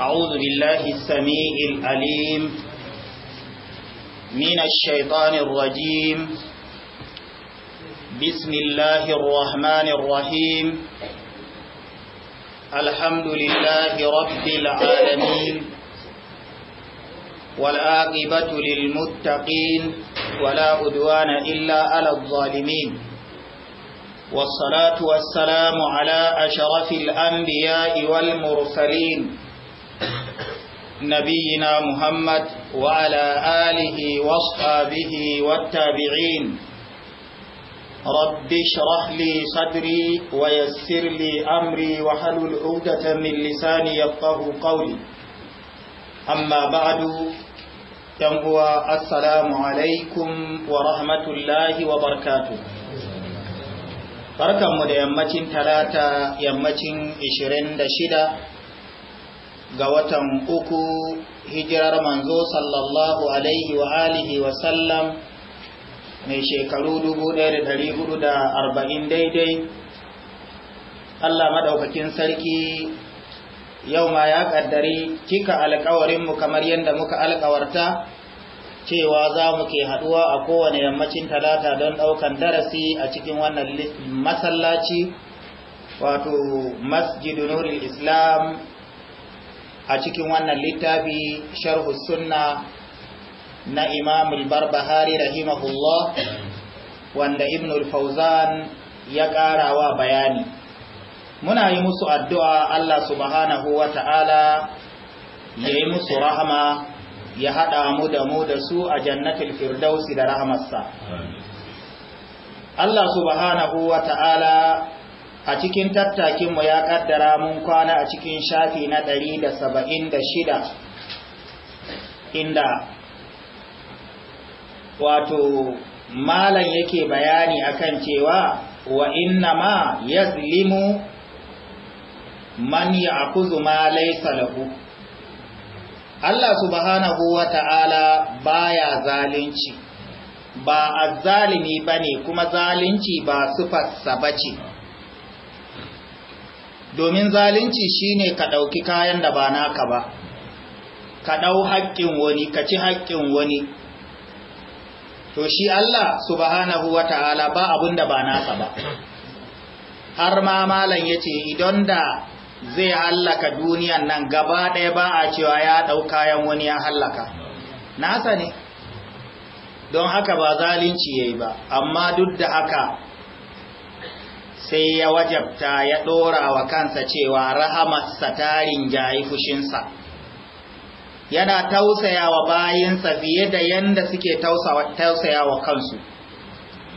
أعوذ بالله السميع الأليم من الشيطان الرجيم بسم الله الرحمن الرحيم الحمد لله رب العالمين والعاقبة للمتقين ولا عدوان إلا على الظالمين والصلاة والسلام على أشرف الأنبياء والمرسلين نبينا محمد وعلى آله واصحابه والتابعين رب اشرح لي صدري ويسر لي أمري وحلل عقدة من لساني يفقه قولي أما بعد ينقوى السلام عليكم ورحمة الله وبركاته barkanmu da yammacin talata yammacin 26 ga watan uku hijirar manzo sallallahu alaihi wa alihi wa sallam mai shekaru 1440 daidai Allah madaukakin sarki yau ma ya kaddari cika alkawarinmu kamar yadda muka alkawarta cewa za mu ke haɗuwa a kowane yammacin talata don ɗaukan darasi a cikin wannan masallaci wato masjidu islam a cikin wannan littafi sharhu sunna na imam al-barbahari rahimahullah wanda ibn al-fawzan ya karawa bayani muna yi musu addu'a Allah subhanahu wa ta'ala ya yi musu rahama ya haɗa mu da mu da su a jannatul firdausi da rahamarsa Allah subhanahu wa ta'ala a cikin tattakinmu ya kaddara mun kwana a cikin shafi na 176 inda wato malan yake bayani akan cewa wa inna ma yazlimu man ya'khudhu ma laysa lahu Allah subhanahu wa ta'ala baya zalunci ba azzalimi bane kuma zalunci ba sufarsa bace domin zalunci shine ka ɗauki kayan da ba naka ba ka ɗau haƙƙin wani ka ci haƙƙin wani to shi Allah subhanahu huwa ta'ala ba abin da ba nasa ba har ma malam ya ce idan da zai hallaka duniyan nan gaba ɗaya ba a cewa ya ɗau kayan wani ya hallaka nasa ne don haka ba zalunci ya yi ba amma duk da haka sai ya wajabta ya ɗora wa kansa cewa rahamarsa ta rinjayi fushinsa yana tausaya wa bayinsa fiye da yanda suke tausaya wa kansu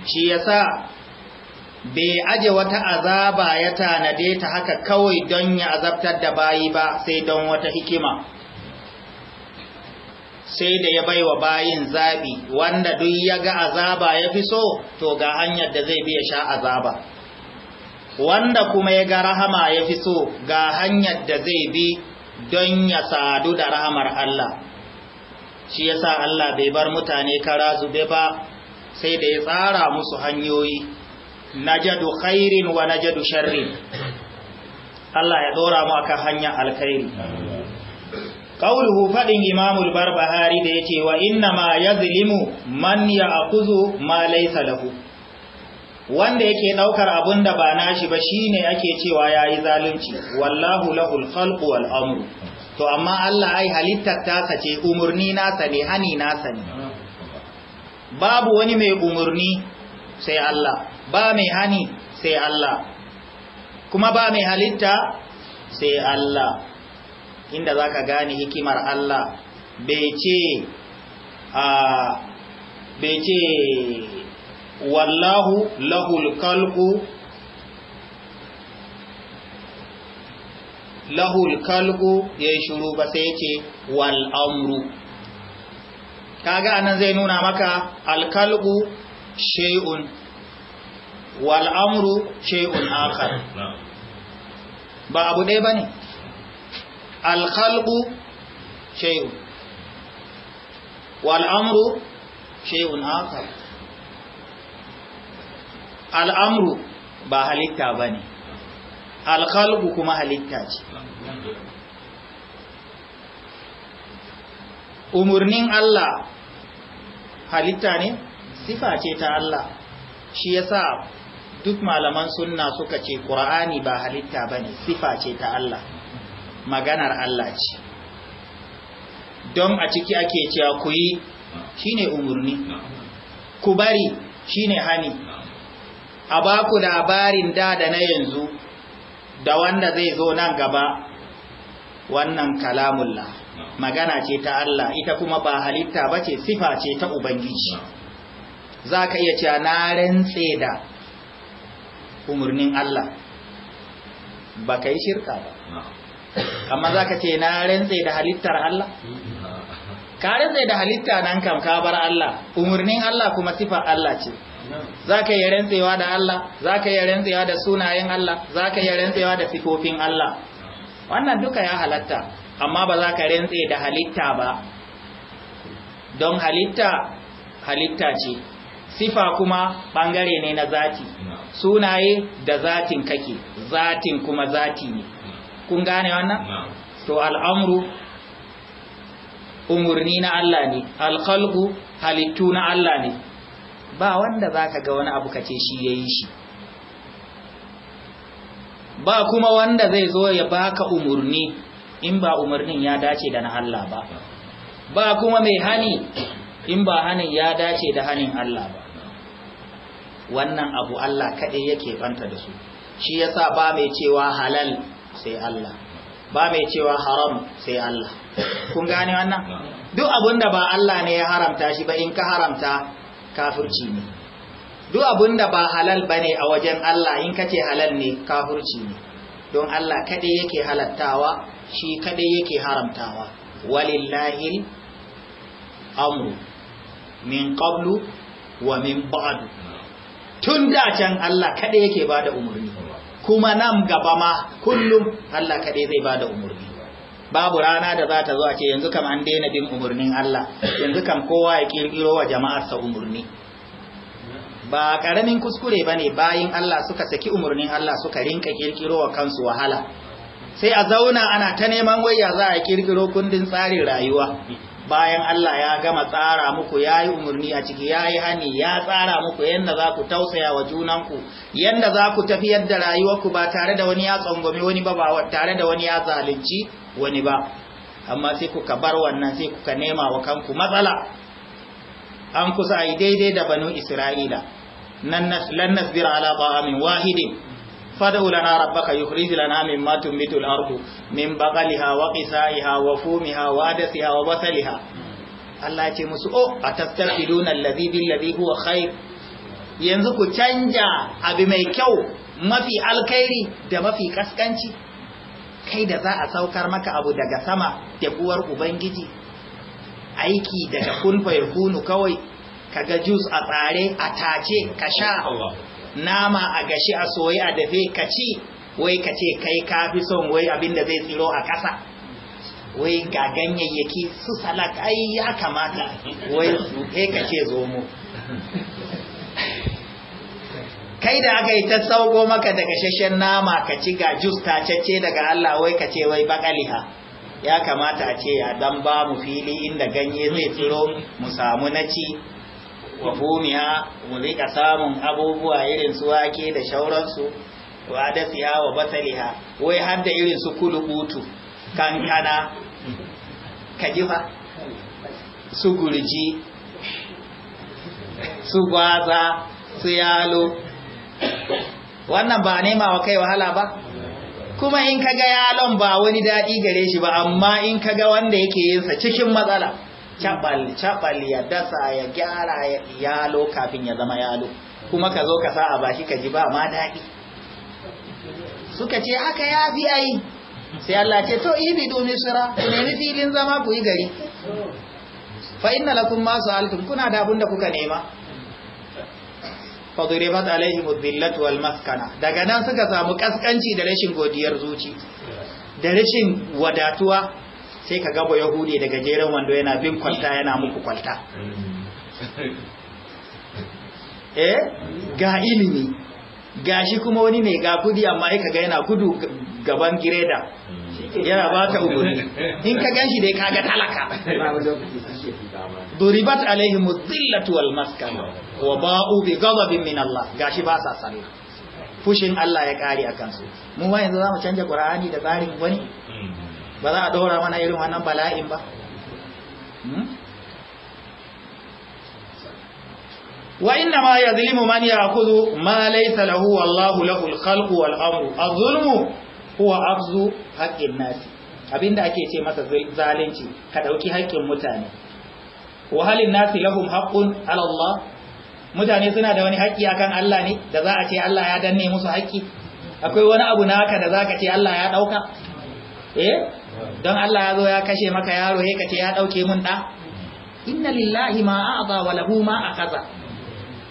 shi yasa bai aje wata azaba ya tanade ta haka kawai don ya azabtar da bayi ba sai don wata hikima sai da ya bai wa bayin zabi wanda duk ya ga azaba ya fi so to ga hanyar da zai ya sha azaba wanda kuma ya ga rahama ya fi so ga hanyar da zai bi don ya sadu da rahamar Allah shi yasa Allah bai bar mutane kara zube ba sai da ya tsara musu hanyoyi najadu khairin wa najadu sharrin Allah ya dora mu akan hanyar alkhairi qauluhu fadin imamul barbahari da yace wa inna ma yazlimu man ya'khudhu ma laysa lahu wanda yake daukar abun da ba nashi ba shine yake cewa yayi zalunci wallahu lahul khalqu wal amru to amma Allah ai halittar ta sace umurni na sani, hani na sani. babu wani mai umurni sai Allah ba mai hani sai Allah kuma ba mai halitta sai Allah inda zaka gane hikimar Allah bai ce a bai ce wallahu lahul kalku lahul kalku ya yi shuru ba sai ya ce wal'amru kaga anan zai nuna maka alkalku shay'un wal'amru shay'un akar ba abu ɗaya ba ne alkalku wal'amru shay'un akar al'amru ba halitta ba ne alkhalgu kuma halitta ce umarnin Allah halitta ne sifa ce ta Allah shi ya sa duk malaman sunna suka ce ƙura'ani ba halitta ba ne sifa ce ta Allah maganar Allah ce don a ciki ake cewa ku yi shi ne umarni ku bari shi ne hani a ba ku labarin da da na yanzu da wanda zai zo nan gaba wannan kalamullah magana ce ta Allah ita kuma ba halitta ba ce sifa ce ta Ubangiji za ka iya cewa na rantse da umarnin Allah ba ka yi shirka ba amma za ka ce na rantse da halittar Allah ka rantse da halitta nan kam ka bar Allah umarnin Allah kuma sifar Allah ce za ka yi rantsewa da Allah za ka yi rantsewa da sunayen Allah za ka yi rantsewa da sifofin Allah wannan duka ya halatta amma ba za ka rantse da halitta ba don halitta halitta ce sifa kuma bangare ne na zati sunaye da zatin kake zatin kuma zati ne kun gane wannan to al'amru umurni na Allah ne alkhalqu halittu na Allah ne ba wanda za ka ga wani abu ka ce shi ya yi shi ba kuma wanda zai zo ya baka umarni in ba umarnin ya dace da na Allah ba ba kuma mai hani in ba hanin ya dace da hanin Allah ba wannan abu Allah kaɗai yake banta da su shi yasa ba mai cewa halal sai Allah ba mai cewa haram sai Allah kun gane wannan duk abinda ba Allah ne ya haramta shi ba in ka haramta kafirci ne duk abin da ba halal ba ne a wajen Allah in kace halal ne kafirci ne don Allah kaɗai yake halattawa shi kaɗai yake haramtawa walillahil amru min qablu wa min ba'du tun da can Allah kaɗai yake bada umarni kuma nan gaba ma kullum Allah kaɗai zai bada umarni babu rana da za ta zo a ce yanzu kam an daina bin umarnin Allah yanzu kam kowa ya kirkiro wa jama'ar jama'arsa umarni ba karamin kuskure ba ne bayin Allah suka saki umarnin Allah suka rinka kirkiro wa kansu wahala sai a zauna ana ta neman wayya za a kirkiro kundin tsarin rayuwa bayan Allah ya gama tsara muku ya yi umarni a ciki ya yi hani ya tsara muku yadda za ku tausaya wa junanku yadda za ku tafiyar da rayuwarku ba tare da wani ya tsongome wani ba ba tare da wani ya zalunci wani ba amma sai kuka bar wannan sai kuka nema wa kanku matsala an kusa a yi daidai da banu isra'ila lan nasbira ala ta'amin wahidin fad'u lana rabbaka yukhrij lana mimma tunbitu al-ardu min baqaliha wa qisaiha wa fumiha wa adasiha wa basaliha Allah ce musu oh atastarfiduna alladhi bil ladhi huwa khair yanzu ku canja abi mai kyau mafi alkhairi da mafi kaskanci kai da za a saukar maka abu daga sama da ubangiji aiki daga kun kunu kawai ga jus a tsare a tace ka sha nama a gashi a soyi a dafe ka ci wai ka ce kai ka fi son wai abin da zai tsiro a ƙasa wai ga ganyayyaki su salak ai ya kamata wai su ka ce zomo kai da aka yi ta sauko maka daga shashen nama ka ci ga jus tacacce daga Allah wai ka ce wai bakaliha ya kamata a ce a dan ba mu fili inda ganye zai tsiro mu samu naci ci wa fumiya mu rika samun abubuwa irin su wake da shauransu wa siya wa basaliha wai har da irin su kulubutu kankana kajifa su gurji su gwaza su yalo wannan ba nema wa kai wahala ba kuma in kaga yalon ba wani daɗi gare shi ba amma in kaga wanda yake yinsa cikin matsala cabal ya dasa ya gyara yalo kafin ya zama yalo kuma ka zo ka sa a bashi ka ji ba ma daɗi suka ce haka ya fi ayi sai Allah ce to ibi domin sura ku nemi filin zama ku yi gari fa inna lakum ma sa'altum kuna da abinda kuka nema fadribat alaihim adh-dhillatu wal maskana daga nan suka samu kaskanci da rashin godiyar zuci da rashin wadatuwa sai ka gaba yahudi daga jeren wando yana bin kwalta yana muku kwalta eh ga ilimi gashi kuma wani mai ga kudi amma ai kaga yana gudu gaban gireda yana ba ta uguri in ka ganshi dai kaga talaka duribat alaihi dhillatu wal maskan wa ba'u bi ghadabin min Allah gashi ba sa sallah fushin Allah ya kare akan su mu ma yanzu zamu canja Qur'ani da tsarin wani ba za a dora mana irin wannan bala'in ba وإنما يظلم من يأخذ ما ليس له والله له الخلق والأمر الظلم huwa abzu haƙƙin nasi abinda ake ce masa zalunci ka ɗauki haƙƙin mutane wahalin nasi lahum haqqun ala Allah mutane suna da wani haƙƙi akan Allah ne da za a ce Allah ya danne musu haƙƙi akwai wani abu na haka da za ka ce Allah ya dauka eh don Allah ya zo ya kashe maka yaro ka kace ya ɗauke mun da inna lillahi ma a'za wa lahu ma akaza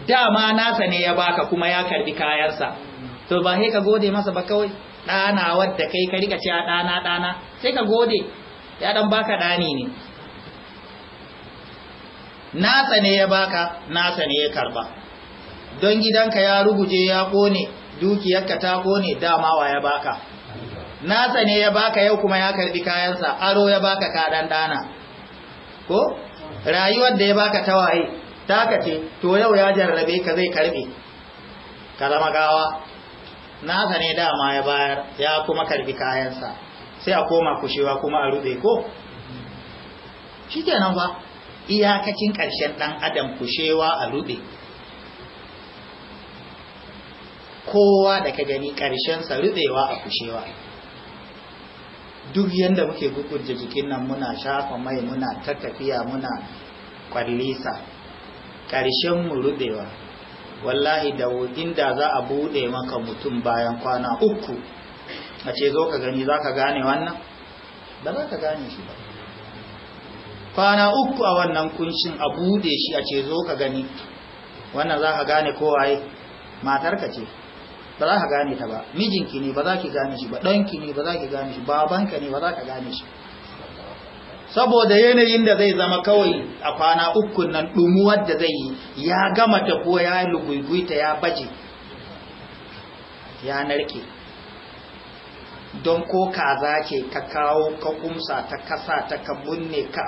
dama nasa ne ya baka kuma ya karbi kayansa to ba sai ka gode masa ba kawai ɗana wadda kai ka rika cewa ɗana ɗana sai ka gode ya ɗan baka ɗani ne nasa ne ya baka nasa ne ya karba don gidanka ya ruguje ya ƙone dukiyarka ta ƙone damawa ya baka nasa ne ya baka yau kuma ya karbi kayansa aro ya baka kaɗan ɗana ko rayuwar da ya baka ta taka ce to yau ya jarrabe ka zai karbe ka zama gawa nasa ne dama ya bayar ya kuma karbi kayansa sai a koma kushewa kuma a rube ko shi kenan fa iyakacin ƙarshen ɗan adam kushewa a rube kowa da ka gani sa rubewa a kushewa duk yadda muke gugurje jikin nan muna shafa mai muna tattafiya muna kwallisa ƙarshen mu rubewa wallahi da inda za a bude maka mutum bayan kwana uku a ce zo ka gani za ka gane wannan ba za ka gane shi ba kwana uku a wannan kunshin a bude shi a ce zo ka gani wannan za ka gane kowaye matarka ce ba za ka gane ta ba mijinki ne ba za ki gane shi ba ɗanki ne ba za ki gane shi babanka ne ba za ka gane shi ba saboda yanayin da zai zama kawai a kwana uku nan dumuwar da zai yi ya gama tafiya ya luguguita ya baje ya narke don ko kaza ke ka kawo ka kumsa ta kasa ta ka bunne ka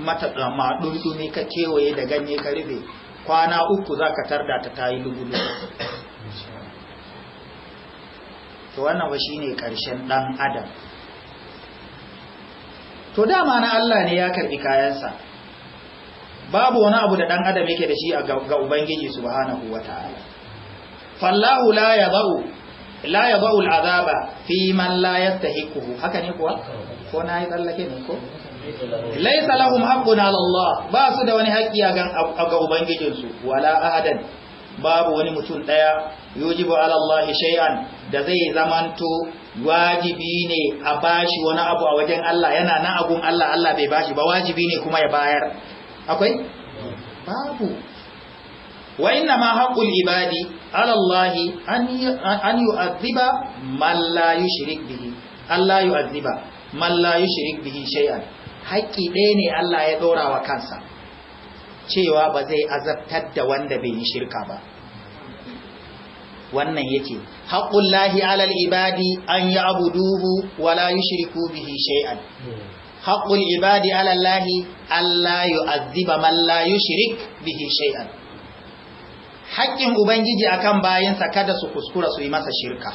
mata dama dundumi ka kewaye da ganye ka rufe kwana uku za ka tarda ta tayi lugulu to wannan ba shine karshen dan adam to dama na Allah ne ya karbi kayansa babu wani abu da dan adam yake da shi ga ubangiji subhanahu wataala fallahu la yadau la yadau al'azaba fi man la yastahiquhu haka ne kuwa ko na yi tsallake ne ko laysa lahum haqqun 'ala Allah ba su da wani haƙƙi ga ubangijinsu wala ahadan babu wani mutum ɗaya yujibu ala shai'an shay'an da zai zamanto wajibi ne a bashi wani abu a wajen Allah yana nan abun Allah Allah bai bashi ba wajibi ne kuma ya bayar akwai babu wa inna ma haqqul ibadi ala Allah an yu'adhiba man la yushrik bihi Allah yu'adhiba man la yushrik bihi shay'an haƙƙi ɗaya ne Allah ya ɗora wa kansa cewa ba zai azabtar da wanda bai yi shirka ba wannan yake haƙullahi alal ibadi an yi abu duhu wala yi shiriku bihi shay'an haƙul ibadi alallahi Allah yi azziba man la yi shirik bihi shay'an haƙƙin ubangiji akan bayansa kada su kuskura su yi masa shirka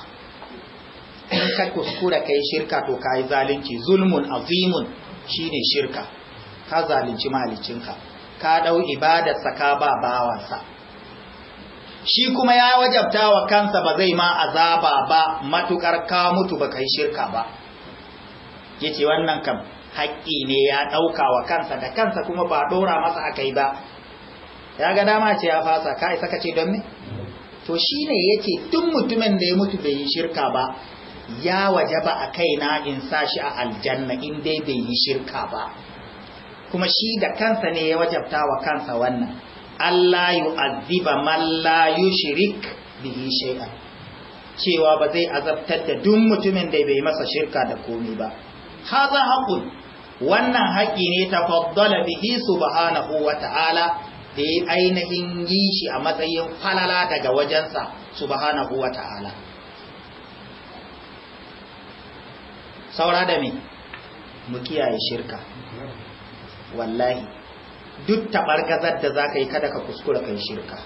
in ka kuskura ka yi shirka to ka yi zalunci zulmun azimun shine shirka ka zalunci malicinka ka ɗau ibadarsa ka ba bawansa shi kuma ya wajabta wa kansa ba zai ma azaba ba matukar ka mutu ba kai shirka ba yace wannan kam haƙƙi ne ya ɗauka wa kansa da kansa kuma ba ɗora masa aka yi ba ya ga dama ce ya fasa ka isa ka ce don me to shi ne yake tun mutumin da ya mutu bai yi shirka ba ya wajaba a na in sa shi a aljanna in dai bai yi shirka ba kuma shi da kansa ne ya wajabta wa kansa wannan Allah yu'azziba man la yushrik bihi shay'an cewa ba zai azabtar da duk mutumin da bai masa shirka da komai ba hadha haqqun wannan haƙi ne faddala bihi subhanahu wa ta'ala da ya ainihin yi shi a matsayin falala daga wajensa subhanahu wa ta'ala saura da mu kiyaye shirka wallahi duk gazar da za ka yi kada ka kuskura kai shirka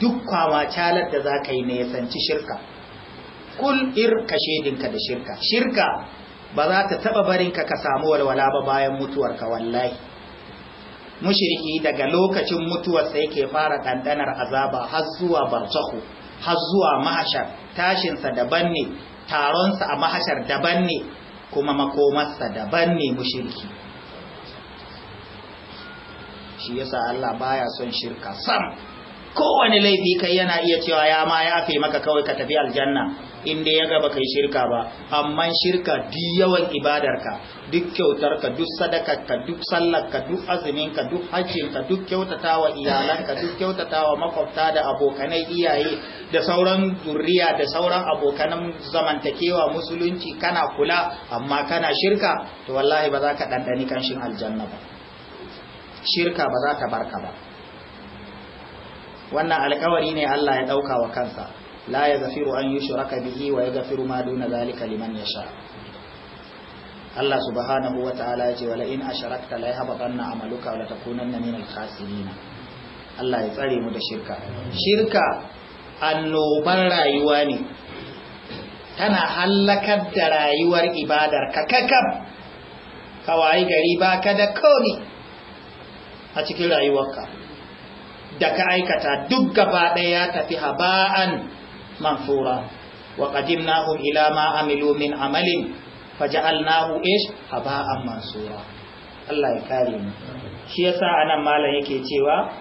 duk kwama calar da za ka yi na yasanci shirka kul ir ka shedinka da shirka shirka ba za ta taba barinka ka samu walwala ba bayan mutuwarka wallahi mushriki daga lokacin mutuwar sai ke fara ɗanɗanar azaba har zuwa barzahu har zuwa mahashar tashinsa daban ne taronsa a mahashar daban ne kuma makomarsa daban ne mushirki shi yasa Allah baya son shirka sam kowane laifi kai yana iya cewa ya ma ya fe maka kawai ka tafi aljanna inda ya gaba kai shirka ba amma shirka duk yawan ibadarka duk kyautarka duk sadakarka duk sallarka duk azuminka duk hajjinka duk kyautatawa iyalanka duk kyautatawa makwabta da abokanai iyaye da sauran zuriya da sauran abokanan zamantakewa musulunci kana kula amma kana shirka to wallahi ba za ka ɗanɗani kanshin aljanna ba shirka ba za ta barka ba wannan alkawari ne Allah ya ɗauka wa kansa la zafiru an yushraka bihi wa ga firuma duna zalika ya sha? Allah subhanahu wa ta'ala ya ce wala in asharakta la yahbatanna amaluka wa la takunanna minal khasirin Allah ya tsare mu da shirka shirka annoban rayuwa ne tana hallakar da rayuwar ibadar ka kakab kawai gari baka da komi a cikin rayuwarka da ka aikata duk gaba ɗaya tafi haba'an mansura wa qadimnahum ila ma amilu min amalin faja'alnahu ish haba'an mansura Allah ya kare mu shi yasa anan malam yake cewa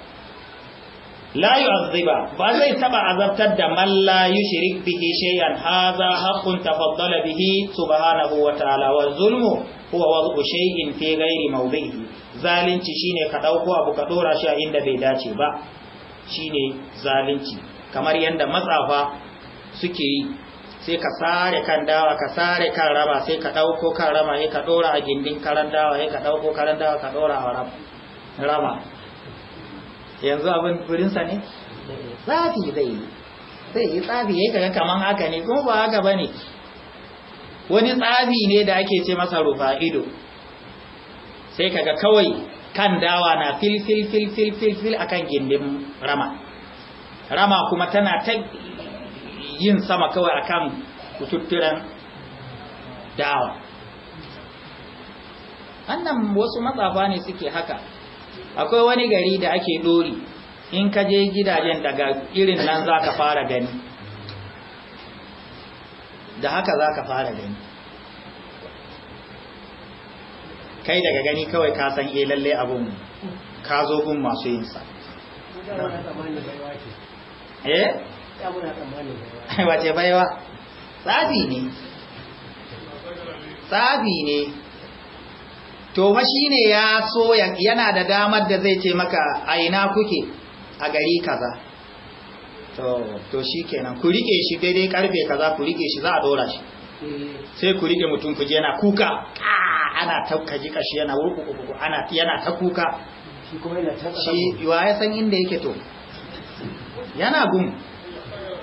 la yu'azziba ba zai taɓa azabtar da man la yushrik bihi shay'an hadha haqqun tafaddala bihi subhanahu wa ta'ala wa zulmu huwa wad'u shay'in fi ghairi mawdihi zalunci shine ka dauko abu ka dora shi a inda bai dace ba shine zalunci kamar yadda matsafa suke yi sai ka sare kan dawa ka sare kan rama sai ka ɗauko kan rama sai ka ɗora a gindin karan dawa sai ka ɗauko karan dawa ka ɗora a rama yanzu abin turinsa ne tsafi zai yi zai yi tsafi ya kaga kaman haka ne kuma ba haka ba ne wani tsafi ne da ake ce masa rufa ido sai kaga kawai kan dawa na fil fil fil fil fil fil akan gindin rama rama kuma tana ta yin sama kawai akan kututturan dawa annan wasu matsafa ne suke haka akwai wani gari da ake dori in ka je gidajen daga irin nan za ka fara gani da haka za ka fara gani kai daga gani kawai ka san eh lalle abun ka zo gun masu yinsa eh wace baiwa tsafi ne tsafi ne to ma shine ya so yana da damar da zai ce maka aina kuke a gari kaza to to shikenan ku rike shi daidai karfe kaza ku rike shi za a dora shi sai ku rike mutum ku yana kuka ah, ana ta kaji kashi yana wurkuku ana yana ta kuka shi kuma yana ta shi wa ya san inda yake to yana gun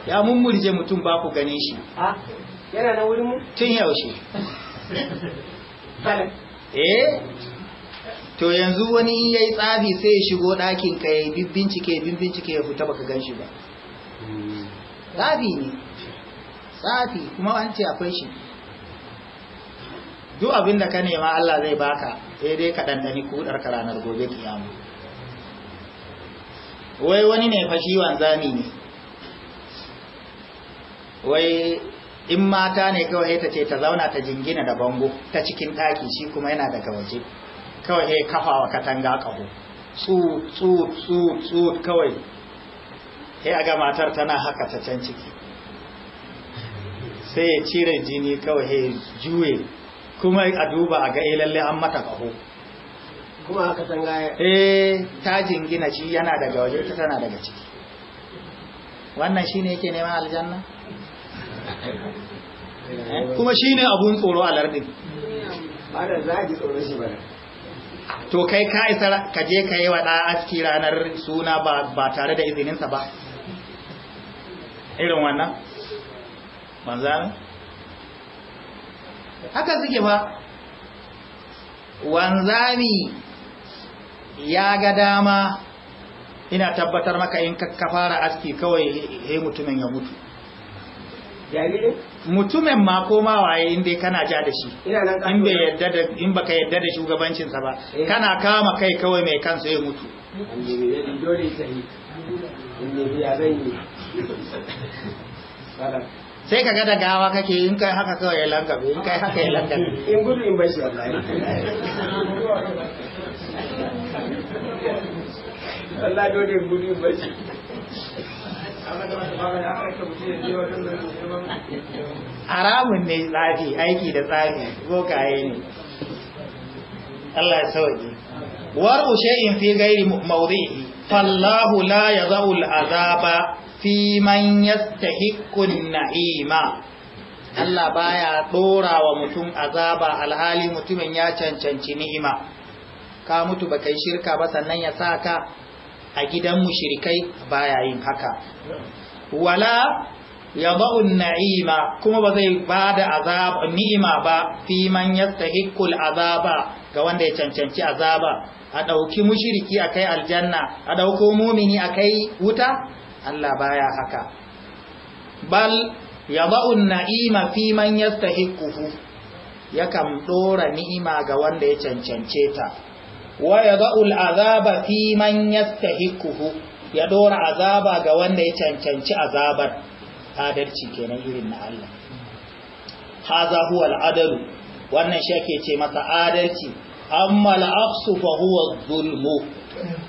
ya mummurje mutum ba ku ganin shi yana na wurin mu tun yaushe eh to yanzu wani in yayi tsafi sai ya shigo ɗakin ka ya bincike bincike ya fita baka gan shi ba tsafi ne tsafi kuma an ce akwai shi duk abinda ka nema Allah zai baka sai dai ka dandani kudar ka ranar gobe kiyama wai wani ne fashi wanzami ne wai in mata ne kawai ta ce ta zauna ta jingina da bango ta cikin ɗaki shi kuma yana daga waje kawai ya kafa wa katanga ƙaho tsu tsu tsu tsu kawai ya ga matar tana haka ta can ciki sai ya cire jini kawai ya juye kuma a duba a ga eh lalle an mata kaho. kuma haka tangaya eh ta jingina shi yana daga waje ta tana daga ciki wannan shine yake neman aljanna eh, kuma shine abun tsoro a lardin ba da za ji tsoro shi ba to kai ka isa ka je ka yi wa ɗa aski ranar suna ba tare da izininsa ba irin wannan manzana haka suke ba wanzami ya ga dama ina tabbatar maka in ka fara aski kawai he mutumin ya mutu mutumin ma koma waye inda kana ja da shi in yadda da in baka yadda da shugabancin sa ba eh. kana kama kai kawai mai kansa ya mutu sai ka gada da gawa kake in kai haka kawai ya langabe in kai haka ya langabe in gudu in bai shi wallahi Allah haramun ne tsafi aiki da tsafi bokaye ne Allah ya War ushe in fi gairi mawdihi fallahu la yadhu al'azaba fi man yastahiqqu naima Allah baya dora wa mutum azaba alhali mutumin ya cancanci ni'ima ka mutu ba kai shirka ba sannan ya sa ka a gidan mushrikai baya yin haka wala yadau na'ima kuma ba zai bada azab ni'ima ba fi man yastahiqqul azaba ga wanda ya cancanci azaba a dauki mushriki akai aljanna a dauko mumini akai wuta Allah baya haka bal yadau na'ima fi man yastahiquhu yakan dora ni'ima ga wanda ya cancance ta wa yada'u azaba fi man yastahiquhu ya dora azaba ga wanda ya cancanci azabar adalci kenan irin na Allah haza huwa al'adalu wannan shi ake ce masa adalci amma al'aqsu fa huwa zulmu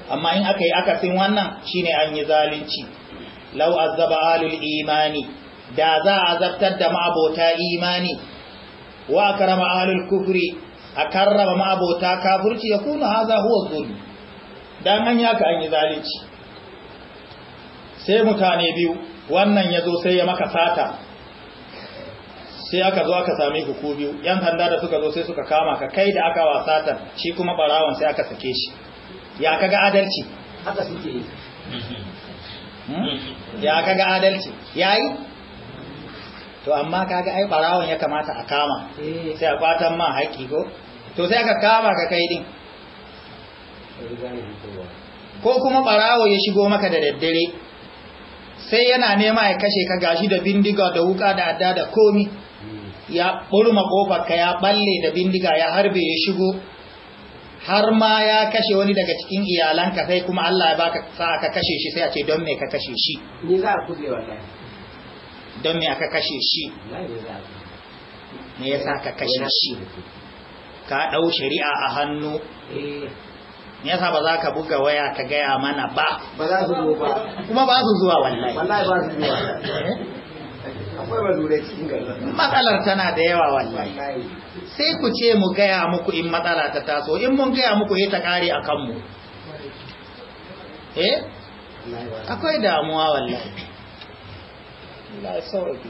amma in aka yi akasin wannan shine an yi zalunci law azaba alul imani da za a azabtar da ma'abota imani wa akrama alul kufri a karrama ma'abota kafurci ya kuna haza huwa zuri dan an yaka an yi zalici sai mutane biyu wannan ya zo sai ya maka sata sai aka zo aka same ku ku biyu yan handa da suka zo sai suka kama ka kai da aka wasata shi kuma barawan sai aka sake shi ya kaga adalci haka suke hmm? ya kaga adalci yayi to amma kaga ai barawon ya kamata a kama eh. sai a kwatan ma haƙiƙo to sai aka kama ka kai din ko kuma barawo ya shigo maka da daddare sai yana nema ya kashe ka gashi da bindiga da wuka da adda da komi ya burma ka ya balle da bindiga ya harbe ya shigo har ma ya kashe wani daga cikin iyalanka sai kuma Allah ya baka sa ka kashe shi sai a ce don me ka kashe shi ni za ku je wallahi don me aka kashe shi me yasa ka kashe shi ka ɗau shari'a a hannu eh. me yasa ba za ka buga waya ka gaya mana ba ba za su zo ba kuma ba su zuwa wallahi wallahi ba su zuwa eh? akwai cikin matsalar tana da yawa wallahi sai ku ce mu gaya muku in matsala ta taso in mun gaya muku sai ta kare a kanmu eh akwai damuwa wallahi Allah ya sauke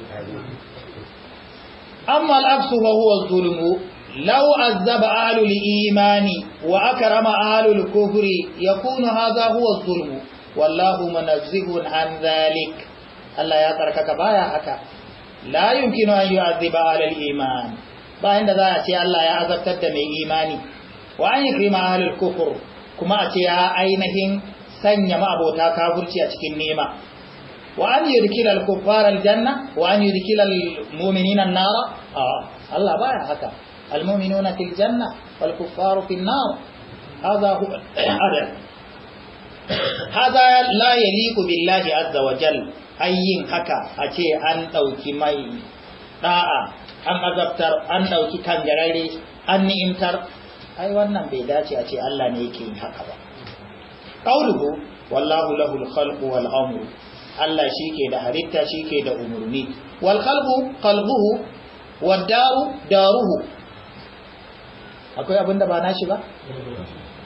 amma al-afsu wa huwa az-zulmu lau azaba ahlul imani wa akrama ahlul kufri yakunu hadha huwa zulm wallahu munazzihun an dhalik Allah ya tsarkaka baya haka la yumkinu an yu'adhiba ahlul iman bayan da za a ce Allah ya azabtar da mai imani wa an yukrima ahlul kufr kuma a ce ya ainihin sanya ma'abota kafirci a cikin nema wa an yudkila al-kuffara janna wa an yudkila al-mu'minina an-nara Allah baya haka المؤمنون في الجنة والكفار في النار هذا هو العدل هذا لا يليق بالله عز وجل أي حكا أتي أن أوكي مي da'a an azabtar an ɗauki kan garare an ni'imtar ai wannan bai dace a ce Allah ne yake yin haka ba qauluhu wallahu lahul khalqu wal amru Allah shike da halitta shike da umarni. wal khalqu qalbuhu daru daruhu akwai abin da ba shi ba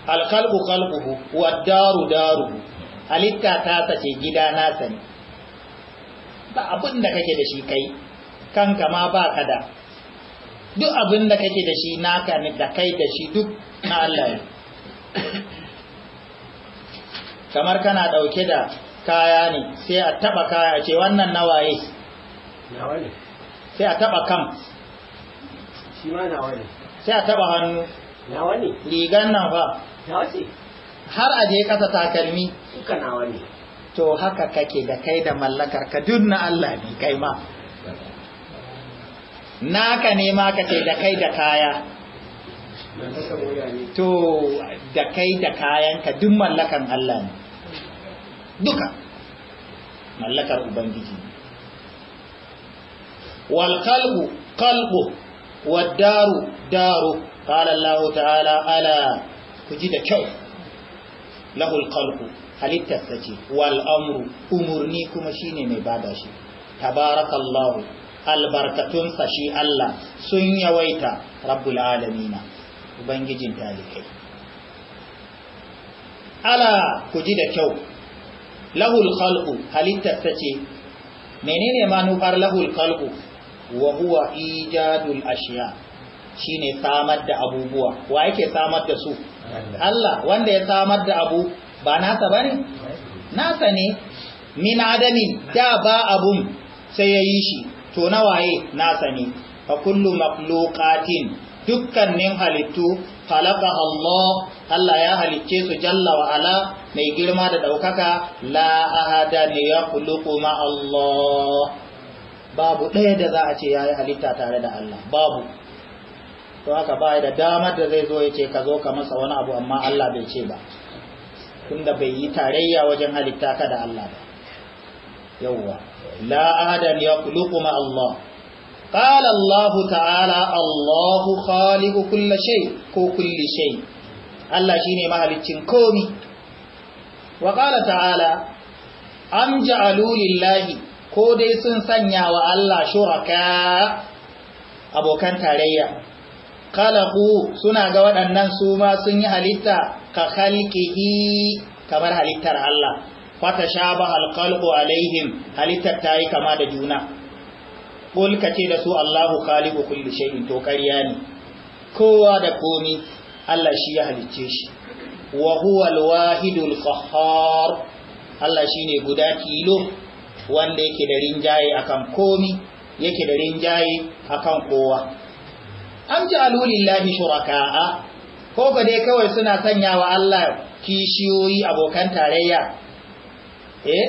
alkalbu kalbuhu wa daru daru halitta ta sace gida na sani. ba abin da kake da shi kai kanka ma ba ka da duk abin da kake da shi na ne da kai da shi duk na Allah ne kamar kana dauke da kaya ne sai a taba kaya ce wannan nawaye sai a taba kan shi ma nawaye sai a taba hannu Rigar ne rigan nan ba har a je kasa takalmi to haka kake da kai da mallakar ka duk na Allah ne kai ma naka ne ma ka ce da kai da kaya to da kai da kayan ka duk mallakan Allah ne duka mallakar ubangiji wal qalbu waddaru daru qala Allah ta'ala ala ku ji da kyau lahul khalqu halittarsa ce wal amru umurni kuma shine mai bada shi tabarakallahu albarkatunsa shi Allah sun yawaita rabbul alamina ubangijin talikai ala ku ji da kyau lahul khalqu halittarsa ce menene manufar lahul khalqu wa huwa ijadul ashiya shine samar da abubuwa wa yake samar da su Allah wanda ya samar da abu ba nasa bane nasa ne min adamin da ba abun sai yayi shi to na waye nasa ne fa kullu makhluqatin dukkanin halittu khalaqa Allah Allah ya halicce su jalla wa ala mai girma da daukaka la ahada ne ya ma Allah babu ɗaya da za a ce ya yi halitta tare da Allah babu to haka ba da damar da zai zo ya ce ka zo ka masa wani abu amma Allah bai ce ba tunda bai yi tarayya wajen halitta ka da Allah ba yawwa la ahadan yakhluqu ma Allah qala ta'ala Allahu khaliqu kulli shay ko kulli shay Allah shine mahaliccin komi wa ta'ala am ja'alu ko dai sun sanya wa Allah shuraka abokan tarayya khalaqu suna ga waɗannan su ma sun yi halitta ka halkihi kamar halittar Allah fata shabaha alqalqu alaihim halittar tayi kama da juna kul kace da su Allahu khaliqu kulli shay'in to ƙarya ne kowa da komi Allah shi ya halicce shi wa huwa alwahidul qahhar Allah shine guda tilo wanda yake da rinjaye akan komi yake da rinjaye akan kowa an ji alulillahi shuraka'a ko ba dai kawai suna sanya wa Allah kishiyoyi abokan tarayya eh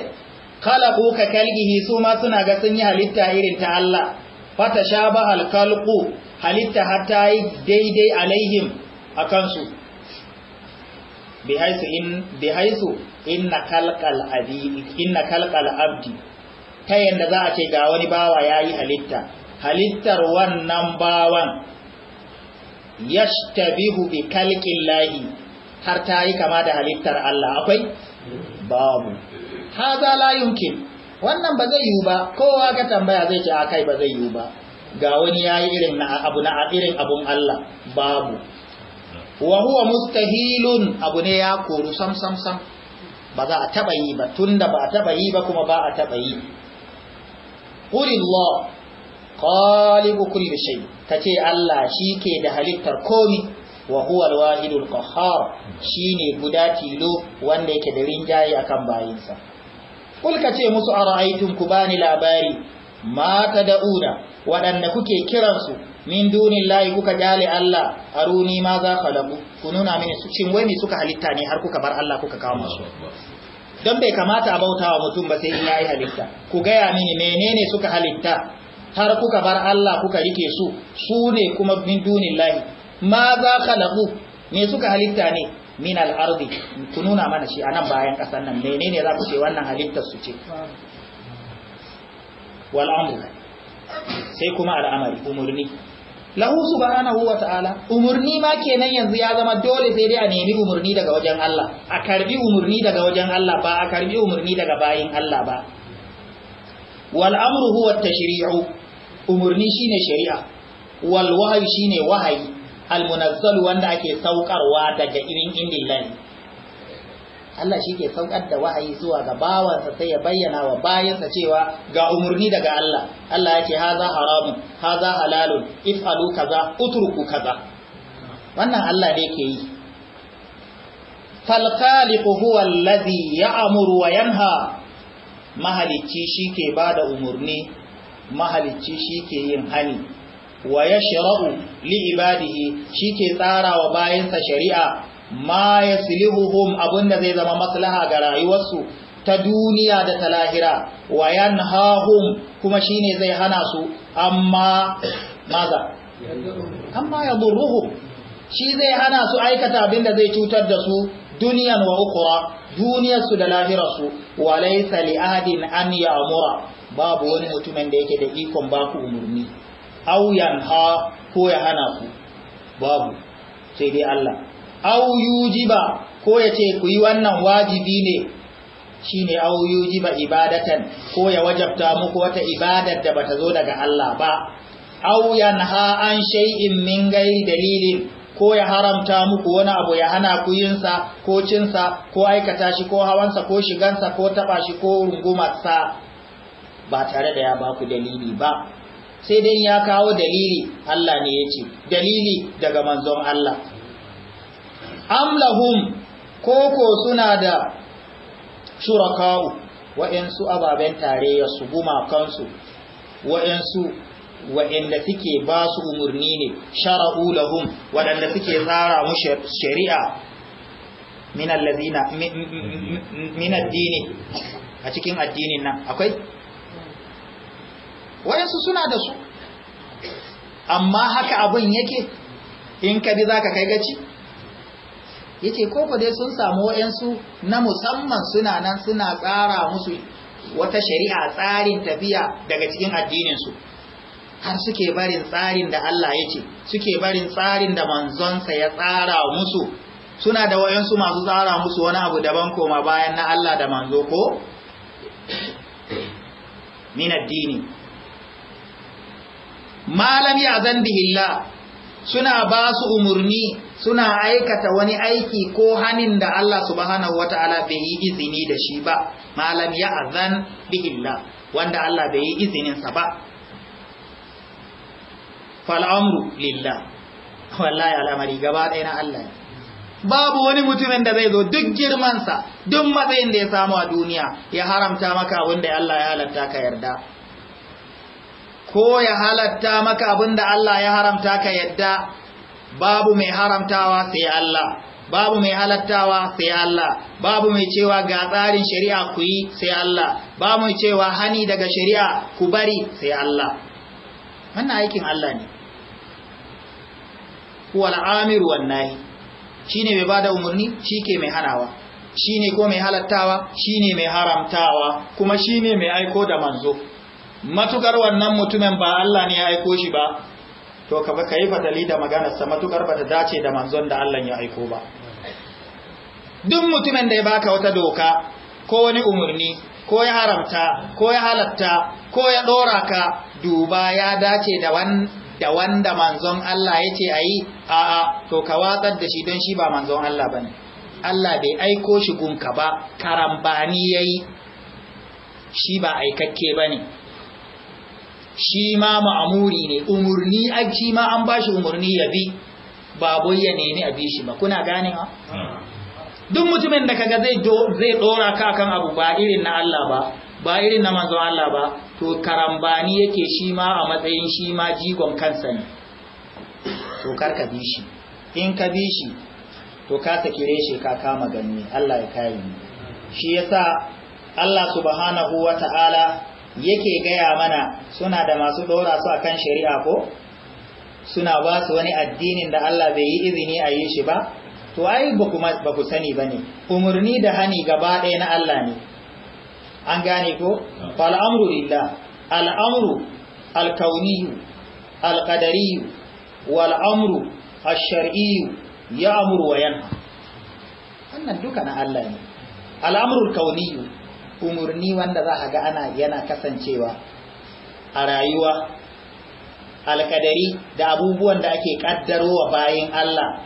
khalaqu ka kalbihi su ma suna ga sun yi halitta irin ta Allah fata al alqalqu halitta hatta daidai alaihim akan su bihaisu in bihaisu inna kalqal abdi ta yanda za a ce ga wani bawa yayi halitta halittar wannan bawan yashtabihu bi kalqillahi har ta yi kama da halittar Allah akwai babu za la yumkin wannan ba zai yiwu ba kowa ka tambaya zai ce akai ba zai yiwu ba ga wani yayi irin abu na irin abun Allah babu wa huwa mustahilun abu ne ya koru sam sam sam ba za a taba yi ba tunda ba a taba yi ba kuma ba a taba yi qulillah qalibu kulli shay kace Allah shike da halittar komi wa huwa alwahidul qahhar shine guda tilo wanda yake da rinjaye akan bayinsa kul kace musu ara'aytum kubani labari ma da'uda, wadanne kuke kiransu min dunillahi kuka jale Allah aruni ma za khalaqu ku nuna mini su shin wai suka halitta ne har kuka bar Allah kuka kawo musu don bai kamata a bauta wa mutum ba sai in yayi halitta ku gaya mini menene suka halitta har kuka bar Allah kuka rike su su ne kuma min dunillahi ma za khalaqu me suka halitta ne min al-ardi ku nuna mana shi anan bayan kasan nan menene za ku ce wannan halittar su ce wal amru sai kuma al'amari umurni lahu subhanahu wa ta'ala umurni ma kenan yanzu ya zama dole sai dai a nemi umurni daga wajen Allah a karbi umurni daga wajen Allah ba a karbi umurni daga bayin Allah ba wal amru huwa tashri'u umurni shine shari'a wal wahyi shine wahayi al munazzal wanda ake saukarwa daga irin indillahi Allah shi ke saukar da wahayi zuwa ga bawansa sai ya bayyana wa bayansa cewa ga umarni daga Allah Allah ya ce haza haramun haza halalun if'alu kaza utruku kaza wannan Allah ne ke yi fal khaliqu huwa allazi ya'muru wa yanha mahalicci shi ke bada umarni mahalicci shi ke yin hani wa yashra'u li ibadihi shi ke tsara wa bayansa shari'a ma yaslihuhum abinda zai zama maslaha ga rayuwarsu ta duniya da ta lahira wa yanhahum kuma shine zai hana su amma maza amma yadurruhum shi zai hana su aikata abinda zai cutar da su duniyan wa ukhra duniyarsu da lahirarsu wa laysa li ahadin an ya'mura babu wani mutumin da yake da ikon baku umurni aw yanha ko ya hana ku babu sai dai Allah au ba ko ya ce ku yi wannan wajibi ne shi ne au ba ibadatan ko ya wajabta muku wata ibadar da bata zo daga Allah ba au yanha an shay'in min gairi dalilin ko ya haramta muku wani abu ya hana ku yinsa ko cinsa ko aikata shi ko hawansa ko shigansa ko taba shi ko rungumarsa ba tare da ya ba ku dalili ba sai dai ya kawo dalili Allah ne ya ce dalili daga manzon Allah amlahum koko suna da shuraka'u wa'yansu ababen tare ya su gumakansu wa'yansu wa'inda suke ba su umarni ne shara'u lahum waɗanda suke tsara mu shari'a min addini a cikin addinin nan akwai wa'yansu suna da su amma haka abin yake in ka bi za ka kai gaci yace ko ko dai sun samu wayansu na musamman suna nan suna tsara musu wata shari'a tsarin tafiya daga cikin addinin su har suke barin tsarin da Allah yace suke barin tsarin da manzonsa ya tsara musu suna da wayansu masu tsara musu wani abu daban koma bayan na Allah da manzo ko min addini malam ya zan Allah suna ba su umurni suna aikata wani aiki ko hanin da Allah subhanahu ta’ala bai yi izini da shi ba malam ya azan bihillah wanda Allah bai yi izininsa ba fal'amru lillah wallahi al'amari gaba ɗaya na Allah babu wani mutumin da zai zo duk girmansa duk matsayin da ya samu a duniya ya haramta maka abin da Allah ya halatta ka yarda ko ya halatta maka abin da Allah ya haramta ka yarda babu mai haramtawa sai Allah babu mai halattawa sai Allah babu mai cewa ga tsarin shari'a ku yi sai Allah babu mai cewa hani daga shari'a ku bari sai Allah wannan aikin Allah ne huwal amiru wan nahi shine mai bada umurni shike mai hanawa shine ko mai halattawa shine mai haramtawa kuma shine mai aiko da manzo matukar wannan mutumin ba Allah ne ya aiko shi ba to ka ka yi fatali da maganarsa matukar ba ta dace da manzon da Allah ya aiko ba duk mutumin da ya baka wata doka ko wani umarni ko ya haramta ko ya halatta ko ya dora ka duba ya dace da wan wanda manzon Allah yace ayi a'a to ka watsar da shi don shi ba manzon Allah bane Allah bai aiko shi gunka ba karambani yayi shi ba aikakke bane shi ma ma'amuri ne umurni a ci ma an bashi umarni ya bi babu ya nemi a bi shi ba kuna gane ha duk mutumin da kaga zai zai dora ka kan abu ba irin na Allah ba ba irin na manzon Allah ba to karambani yake shi ma a matsayin shi ma jigon kansa ne to karka bi shi in ka bi shi to ka saki reshe ka kama ganni Allah ya kare shi yasa Allah subhanahu Ta'ala. yake gaya mana suna da masu ɗora su akan shari'a ko suna ba su wani addinin da Allah bai yi izini a yi shi ba to ai ba ku sani ba ne umarni da hani gaba ɗaya na Allah ne an gane ko al'amru lillah al'amru alkauniyu alkadariyu wal'amru ashari'iyu ya amuru wa yanha wannan duka na Allah ne al'amrul kauniyu umarni wanda za a ga ana yana kasancewa a rayuwa alkadari da abubuwan da ake kaddarowa bayan Allah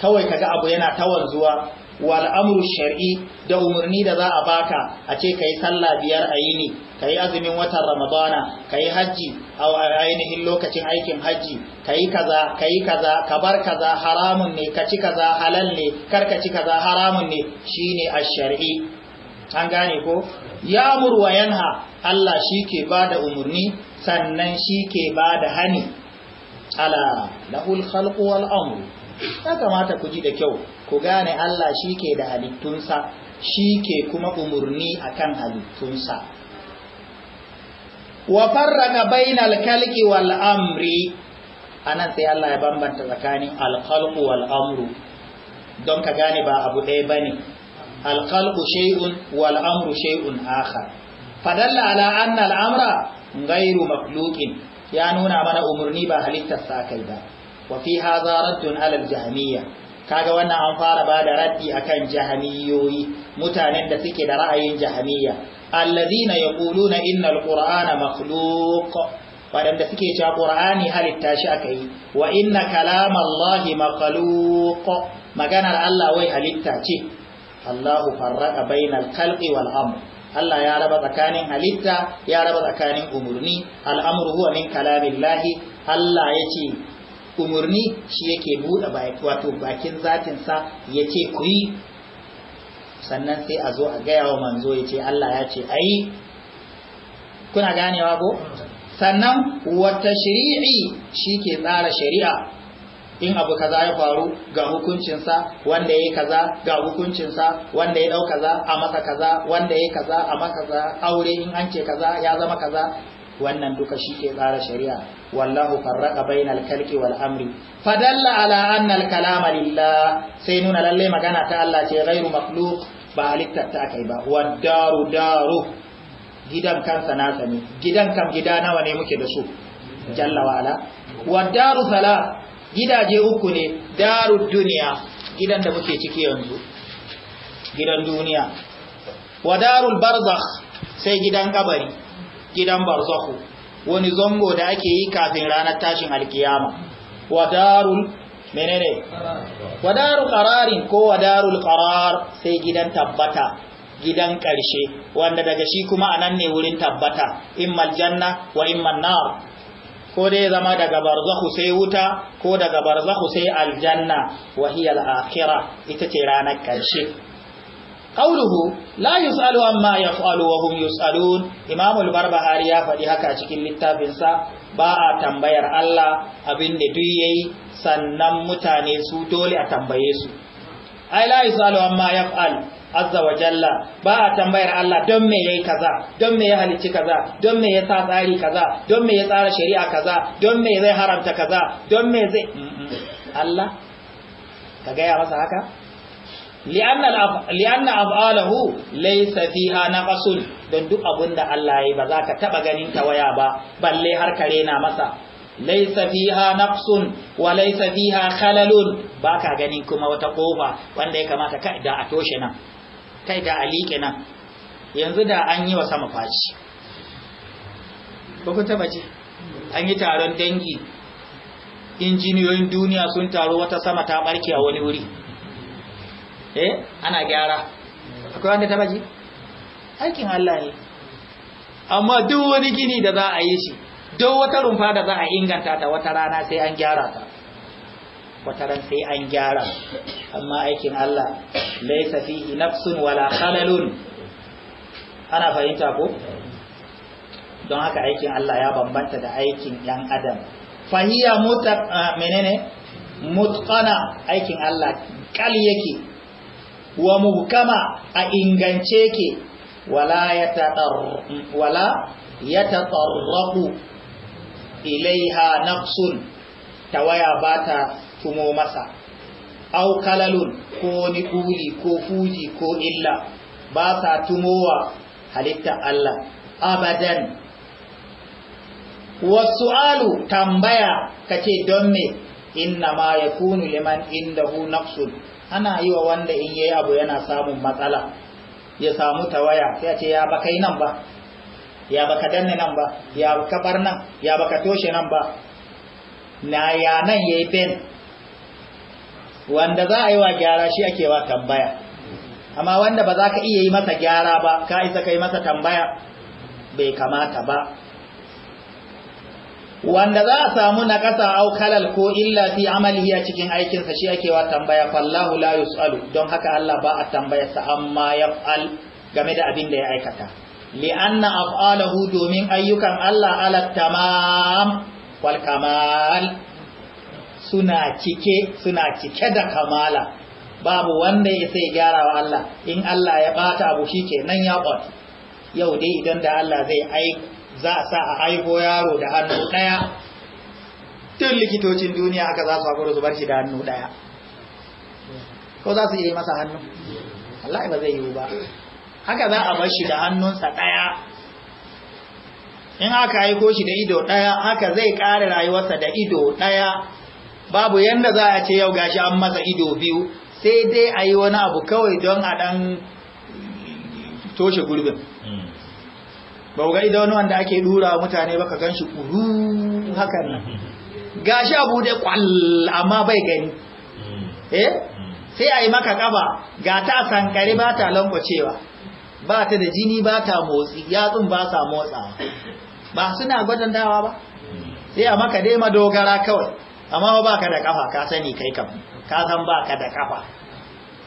kawai kaga abu yana tawar zuwa. wal amru shar'i da umarni da za a baka a ce kai sallah biyar a yini kai azumin watan ramadana kai hajji a ainihin lokacin aikin hajji kai kaza kai kaza ka bar kaza haramun ne ka ci kaza halal ne kar ka ci kaza haramun ne shine ash-shar'i an gane ko ya murwa yanha Allah shi ke ba da umarni sannan shi ke ba da hani ala lahul khalqu wal amru ya kamata ku ji da kyau ku gane Allah shi ke da halittunsa shi ke kuma umurni akan halittunsa wa farraka bainal khalqi wal amri anan sai Allah ya bambanta tsakanin al khalqu wal amru don ka gane ba abu ɗaya bane alƙalƙu shay'un wal amru shay'un akhar fadalla ala anna amra ghayru makhluqin ya nuna mana umarni ba halittar sa kai ba wa fi hadha raddun ala al jahmiyya kaga wannan an fara ba da raddi akan jahamiyoyi mutanen da suke da ra'ayin jahamiyya alladhina yaquluna innal qur'ana makhluq wadanda suke cewa ƙur'ani halitta shi akai wa inna kalamallahi makhluq maganar Allah wai halitta ce Allahu farraqa bainal khalqi wal amr Allah ya raba tsakanin halitta ya raba tsakanin umurni al'amur huwa min kalamillahi Allah yace umarni shi yake buɗe wato bakin zatinsa ya ce kuyi. yi sannan sai a zo a gaya wa manzo ya ce Allah ya ce ayi kuna ganewa ko sannan wata shari'i shi ke tsara shari'a in abu kaza ya faru ga hukuncinsa wanda ya yi kaza ga hukuncinsa wanda ya ɗau kaza a masa kaza wanda ya yi kaza a masa kaza aure in an ce kaza ya zama kaza wannan duka shi ke tsara shari'a wallahu farraqa bainal khalqi wal amri fadalla ala anna al kalama lillah sai nuna lalle magana ta Allah ce ghairu makhluq ba halitta ta kai ba wad daru daru gidan kansa nasa ne gidan kam gida nawa ne muke da su jalla wa wad daru salah gidaje uku ne darud duniya gidan da muke ciki yanzu gidan duniya wa darul barzakh sai gidan kabari gidan barzakhu wani zango da ake yi kafin ranar tashin alkiyama wa darul menene wa darul ko wa darul qarar sai gidan tabbata gidan ƙarshe wanda daga shi kuma anan ne wurin tabbata immal janna wa imman nar ko dai zama daga barzakhu sai wuta ko daga barzakhu sai aljanna wa hiya al ita ce ranar karshe qauluhu la yusalu amma yaf'alu wa hum yusalun imam al-barbahari ya faɗi haka cikin littafin sa ba a tambayar Allah abin da duk yayi sannan mutane su dole a tambaye su ai la yusalu amma yaf'al azza wa jalla ba a tambayar Allah don me yayi kaza don me ya halicci kaza don me ya sa tsari kaza don me ya tsara shari'a kaza don me zai haramta kaza don me zai Allah ka gaya masa haka li'anna af'aluhu laysa fiha naqasun don duk da Allah yayi ba za ka taba ganin ta waya ba balle har kare na masa laysa fiha naqsun wa laysa fiha khalalun baka gani kuma wata kofa wanda ya kamata ka da a toshe nan kai da alike nan yanzu da an yi wa sama faci ba ku taba ji an yi taron dangi injiniyoyin duniya sun taro wata sama ta barke a wani wuri eh ana gyara akwai wanda taba ji aikin Allah ne amma duk wani gini da za a yi shi duk wata rumfa da za a inganta ta wata rana sai an gyara ta kwataran sai an gyara amma aikin Allah laisa fihi nafsun wala khalalun ana fahimta ko don haka aikin Allah ya bambanta da aikin yan adam fahiya muta menene mutqana aikin Allah kal yake wa muhkama a ingance yake wala yatatar wala yatatarraqu ilaiha nafsun tawaya bata tumo masa au kalalun ko ni kuli ko fuji ko illa ba sa tumowa halitta Allah abadan Wasu alu tambaya kace don me inna ma yakunu liman indahu nafsun ana yiwa wanda in yayi abu yana samun matsala ya samu tawaya sai a ce ya baka nan ba ya baka danne nan ba ya baka nan ya baka toshe nan ba na ya nan yayi ben wanda za a yi wa gyara shi ake wa tambaya amma wanda ba za ka iya yi masa gyara ba ka isa ka yi masa tambaya bai kamata ba wanda za a samu na ƙasa au ko illa fi amalihi a cikin aikinsa shi ake wa tambaya fallahu la yus'alu don haka Allah ba a sa amma yaf'al game da abin da ya aikata li'anna af'alahu domin ayyukan Allah ala tamam wal kamal suna cike suna cike da kamala babu wanda ya sai gyara wa Allah in Allah ya bata abu shike nan ya bata yau dai idan da Allah zai ai za a sa a aiko yaro da hannu daya tun likitocin duniya aka za su haƙura zubar shi da hannu ɗaya ko za su yi masa hannu Allah ba zai yiwu ba haka za a bar shi da hannunsa ɗaya in aka haiko shi da ido ɗaya haka zai ƙara rayuwarsa da ido ɗaya babu yanda za a ce yau gashi an masa ido biyu sai dai a yi wani abu kawai don a ɗan toshe gurbin ba ga ido wani wanda ake dura mutane baka gan shi kuru hakan nan gashi abu dai kwal amma bai gani eh sai a yi maka kaba ga ta sankare ba ta lankwacewa ba ta da jini ba ta motsi yatsun ba sa motsawa ba suna dawa ba sai a maka dai madogara kawai amma ba ka da kafa ka sani kai kam ka san ba ka da kafa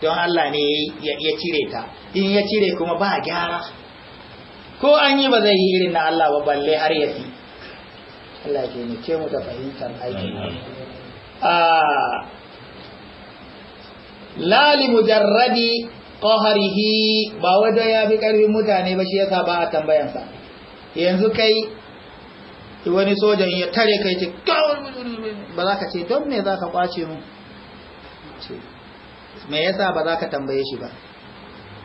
don Allah ne ya cire ta in ya cire kuma ba gyara ko an yi ba zai yi irin na Allah ba balle har ya fi Allah ke ne ce mu fahimtar aiki ah, lali mujarradi qaharihi ba wajen ya fi karfin mutane ba shi yasa ba a tambayansa yanzu kai wani sojan ya tare kai ce ba za ka ce don me za ka kwace mu me yasa ba za ka tambaye shi ba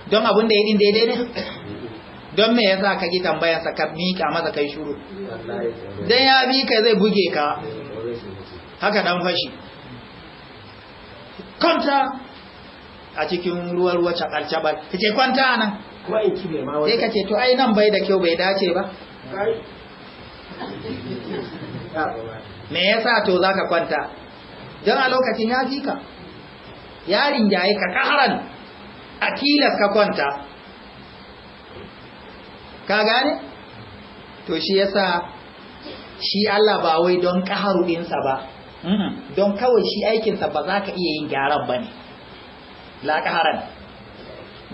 don abin da ya din daidai ne don me yasa ka ji tambayar sa ka mika maza kai shuru dan ya bi kai zai buge ka haka dan fashi kwanta a cikin ruwa ruwa cakal cakal kace kwanta nan Sai in ce ma sai kace to ai nan bai da kyau bai dace ba me yasa to zaka kwanta don a lokacin ya jika, ka yarin jaye ka kaharan a tilas ka kwanta ka gane to shi yasa shi Allah ba wai don kaharu ɗinsa ba don kawai shi aikinsa ba za ka iya yin gyaran ba ne la kaharan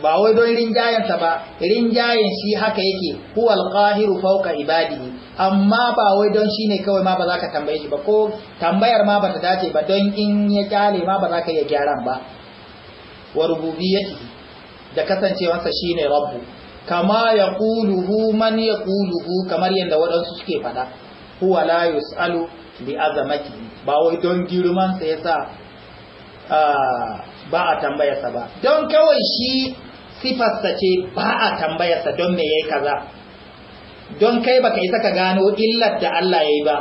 ba wai don rinjayensa ba rinjayen shi haka yake huwal qahiru fawqa ibadihi amma ba wai don shi ne kawai ma ba za ka tambaye shi ba ko tambayar ma ba ta dace ba don in ya kyale ma ba za ka iya gyaran ba wa rububiyyati da kasancewarsa shi ne rabbu kama ya kuluhu man ya kuluhu kamar yadda waɗansu suke faɗa huwa la yus'alu bi azamati ba wai don girman ya yasa ba a tambayarsa ba don kawai shi sifarsa ce ba a tambayarsa don me yayi kaza don kai baka isa ka gano illar da Allah ya yi ba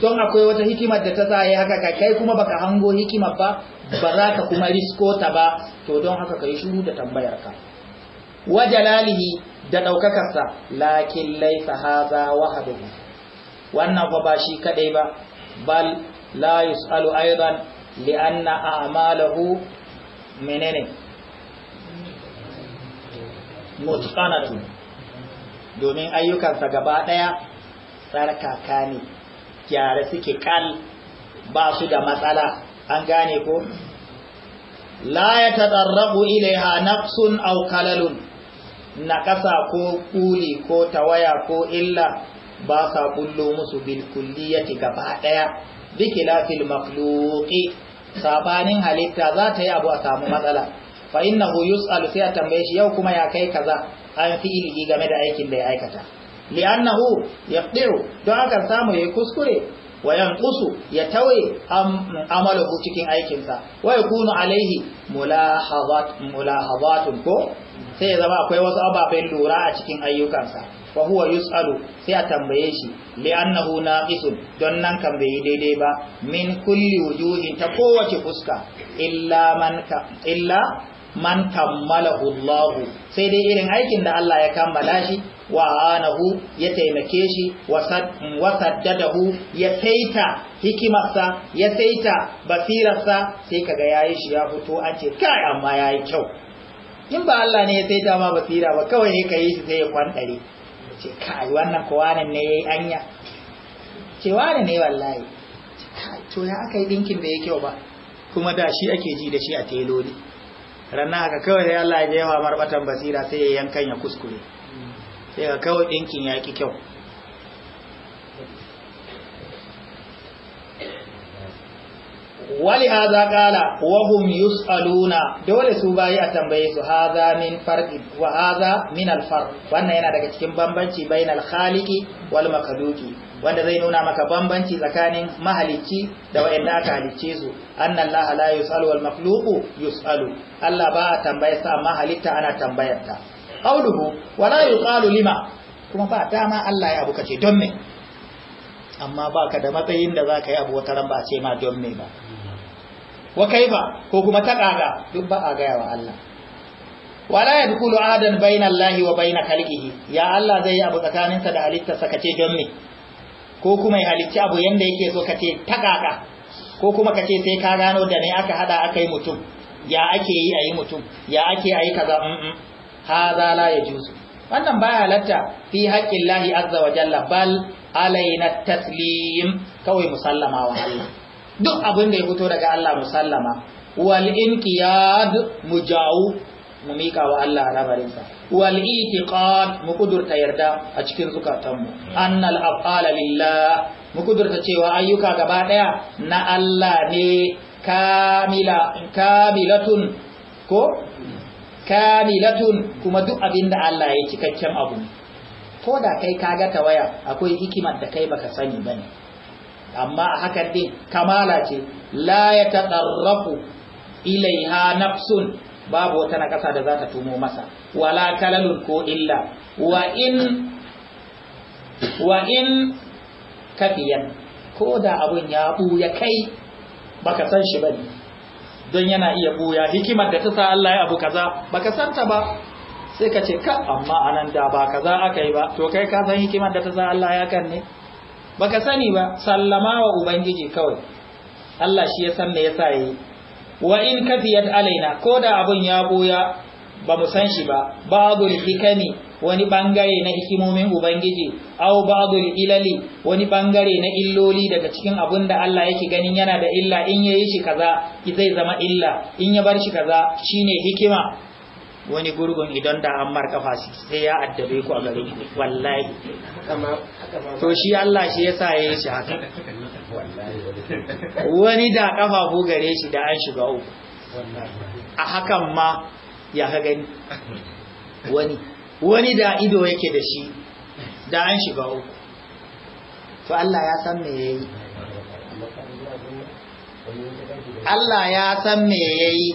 don akwai wata hikimar da ta sa yayi haka kai kuma baka hango hikimar ba ba za ka kuma risko ta ba to don haka kai shiru da tambayar ka wa jalalihi da daukakar sa lakin laisa hadha wahdahu wannan fa ba shi kadai ba bal la yusalu aidan li anna a'malahu menene mutqanatun domin ayyukansa gaba ɗaya tsarkaka ne gyara suke kan ba su da matsala an gane ko la ya taɗarrabu ilaiha nafsun au aukalalun. na ƙasa ko ƙuli ko tawaya ko illa ba sa ƙullo musu bilkulliyati gaba ɗaya bikilafil makluki sabanin halitta za ta yi abu a samu matsala fa innahu al sai a tambaye shi yau kuma ya kai kaza an fi'ili game da aikin da ya aikata li'annahu yaqdiru don haka samu yayi kuskure wa 'yan kusu ya tawaye amalahu cikin aikinsa wa ya kuna alaihi mulahazat mulahazatun ko sai ya zama akwai wasu ababen lura a cikin ayyukansa wa huwa yus'alu sai a tambaye shi li'annahu isun don nan kan bai yi daidai ba min kulli wujuhin ta kowace fuska illa man kammalahu Allah sai dai irin aikin da Allah ya kammala shi wa anahu ya taimake shi wa saddadahu ya saita hikimarsa ya saita basirarsa sai kaga yayi shi ya fito an ce kai amma yayi kyau in ba Allah ne ya saita ma basira ba kawai ne kai shi sai ya kwantare ce kai wannan wannan ne yayi anya ce wani ne wallahi to ya aka yi dinkin da ya kyau ba kuma da shi ake ji da shi a teloli ranar haka kawai sai Allah ya jefa marbatan basira sai ya yankan ya kuskure sai ka kawai ɗinkin ya ƙi kyau wali haza kala wahum yus'aluna dole su bayi a tambaye su haza min farqi wa haza min al wannan yana daga cikin bambanci bainal khaliqi wal makhluqi wanda zai nuna maka bambanci tsakanin mahalicci da wa'anda aka halicce su anna Allah la yusalu wal makhluqu yusalu Allah ba a tambayar sa amma halitta ana tambayar ta qawluhu wala yuqalu lima kuma ba dama Allah ya abu kace don me amma ka da matsayin da zaka yi abu wata ran ba a ce ma don me ba wa kaifa ko kuma ta kaga duk ba a gaya wa Allah wala ya dukulu ahadan bainallahi wa bain khalqihi ya Allah zai yi abu tsakaninsa da halittarsa kace don me ko kuma ya halicci abu yanda yake so ka ce takaka ko kuma ka ce sai ka gano da ne aka hada aka yi mutum ya ake yi a yi mutum ya ake a yi kaza za la ya su. wannan baya halatta fi haƙƙin lahi azza wa jalla bal alaina taslim kawai musallama wa Allah duk abin da ya fito daga Allah musallama wal inqiyad mujawu mu miƙa wa Allah rabarinsa. wal itiqad mu kudurta yarda a cikin zukatanmu annal af'ala lillah mu kudurta cewa ayyuka gaba daya na Allah ne kamila kamilatun ko kamilatun kuma duk abinda Allah ya cikakken abu ne ko da kai ka kaga waya, akwai hikimar da kai baka sani bane amma a hakan din kamala ce la ya taɗarrafu ilaiha nafsun babu wata na ƙasa da za ta tumo masa wala kalalun ko illa wa in wa in kafiyan ko da abun ya buya kai baka san shi bane don yana iya buya hikimar da ta sa Allah ya abu kaza baka ta ba sai ka ce ka amma anan da ba kaza aka yi ba to kai ka san hikimar da ta sa Allah ya kan ne baka sani ba sallama wa ubangiji kawai Allah shi ya san me yasa yi wa in kafiyat alaina ko da abun ya boya ba mu san shi ba ba'dul hikami wani ɓangare na hikimomin ubangiji aw ba'dul ilali wani bangare na illoli daga cikin abun da Allah yake ganin yana da illa in yayi shi kaza zai zama illa in ya bar shi kaza shine hikima wani gurgun idan da an marka fasi sai ya addabe ku a gare wallahi to shi Allah shi yasa yayi shi haka wani da kafafu gare shi da an shiga uku a hakan ma ya ka gani wani wani da ido yake da shi da an shiga uku to Allah ya san me yayi Allah ya san me yayi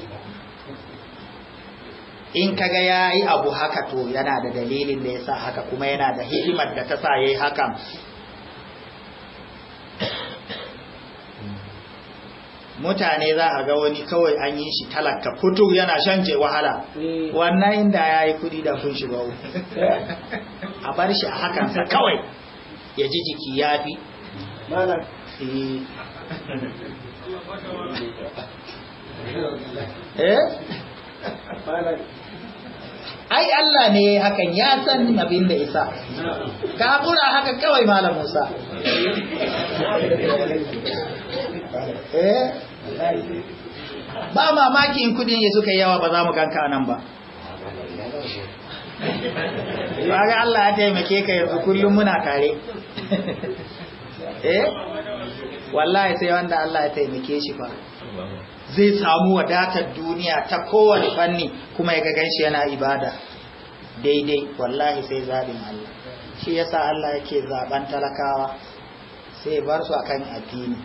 in kaga yayi abu haka to yana da dalilin da yasa haka kuma yana da hikimar da ta sa yayi hakan mutane za a ga wani kawai an yi shi talaka fito yana shan ce wahala eh. wannan inda ya yi kudi da kun shiga a bar shi a hakansa kawai ya ji jiki ya fi eh? ai Allah ne hakan ya san abin da isa ka kura haka kawai malam Musa eh ba mamaki in kudin ya suka yawa ba za mu ganka nan ba ba ga Allah ya taimake ka yanzu kullum muna tare eh wallahi sai wanda Allah ya taimake shi fa? zai samu wadatar duniya ta kowane fanni kuma ya gagan shi yana ibada daidai wallahi sai zaɓin Allah shi yasa Allah yake zaɓen talakawa sai bar su akan addini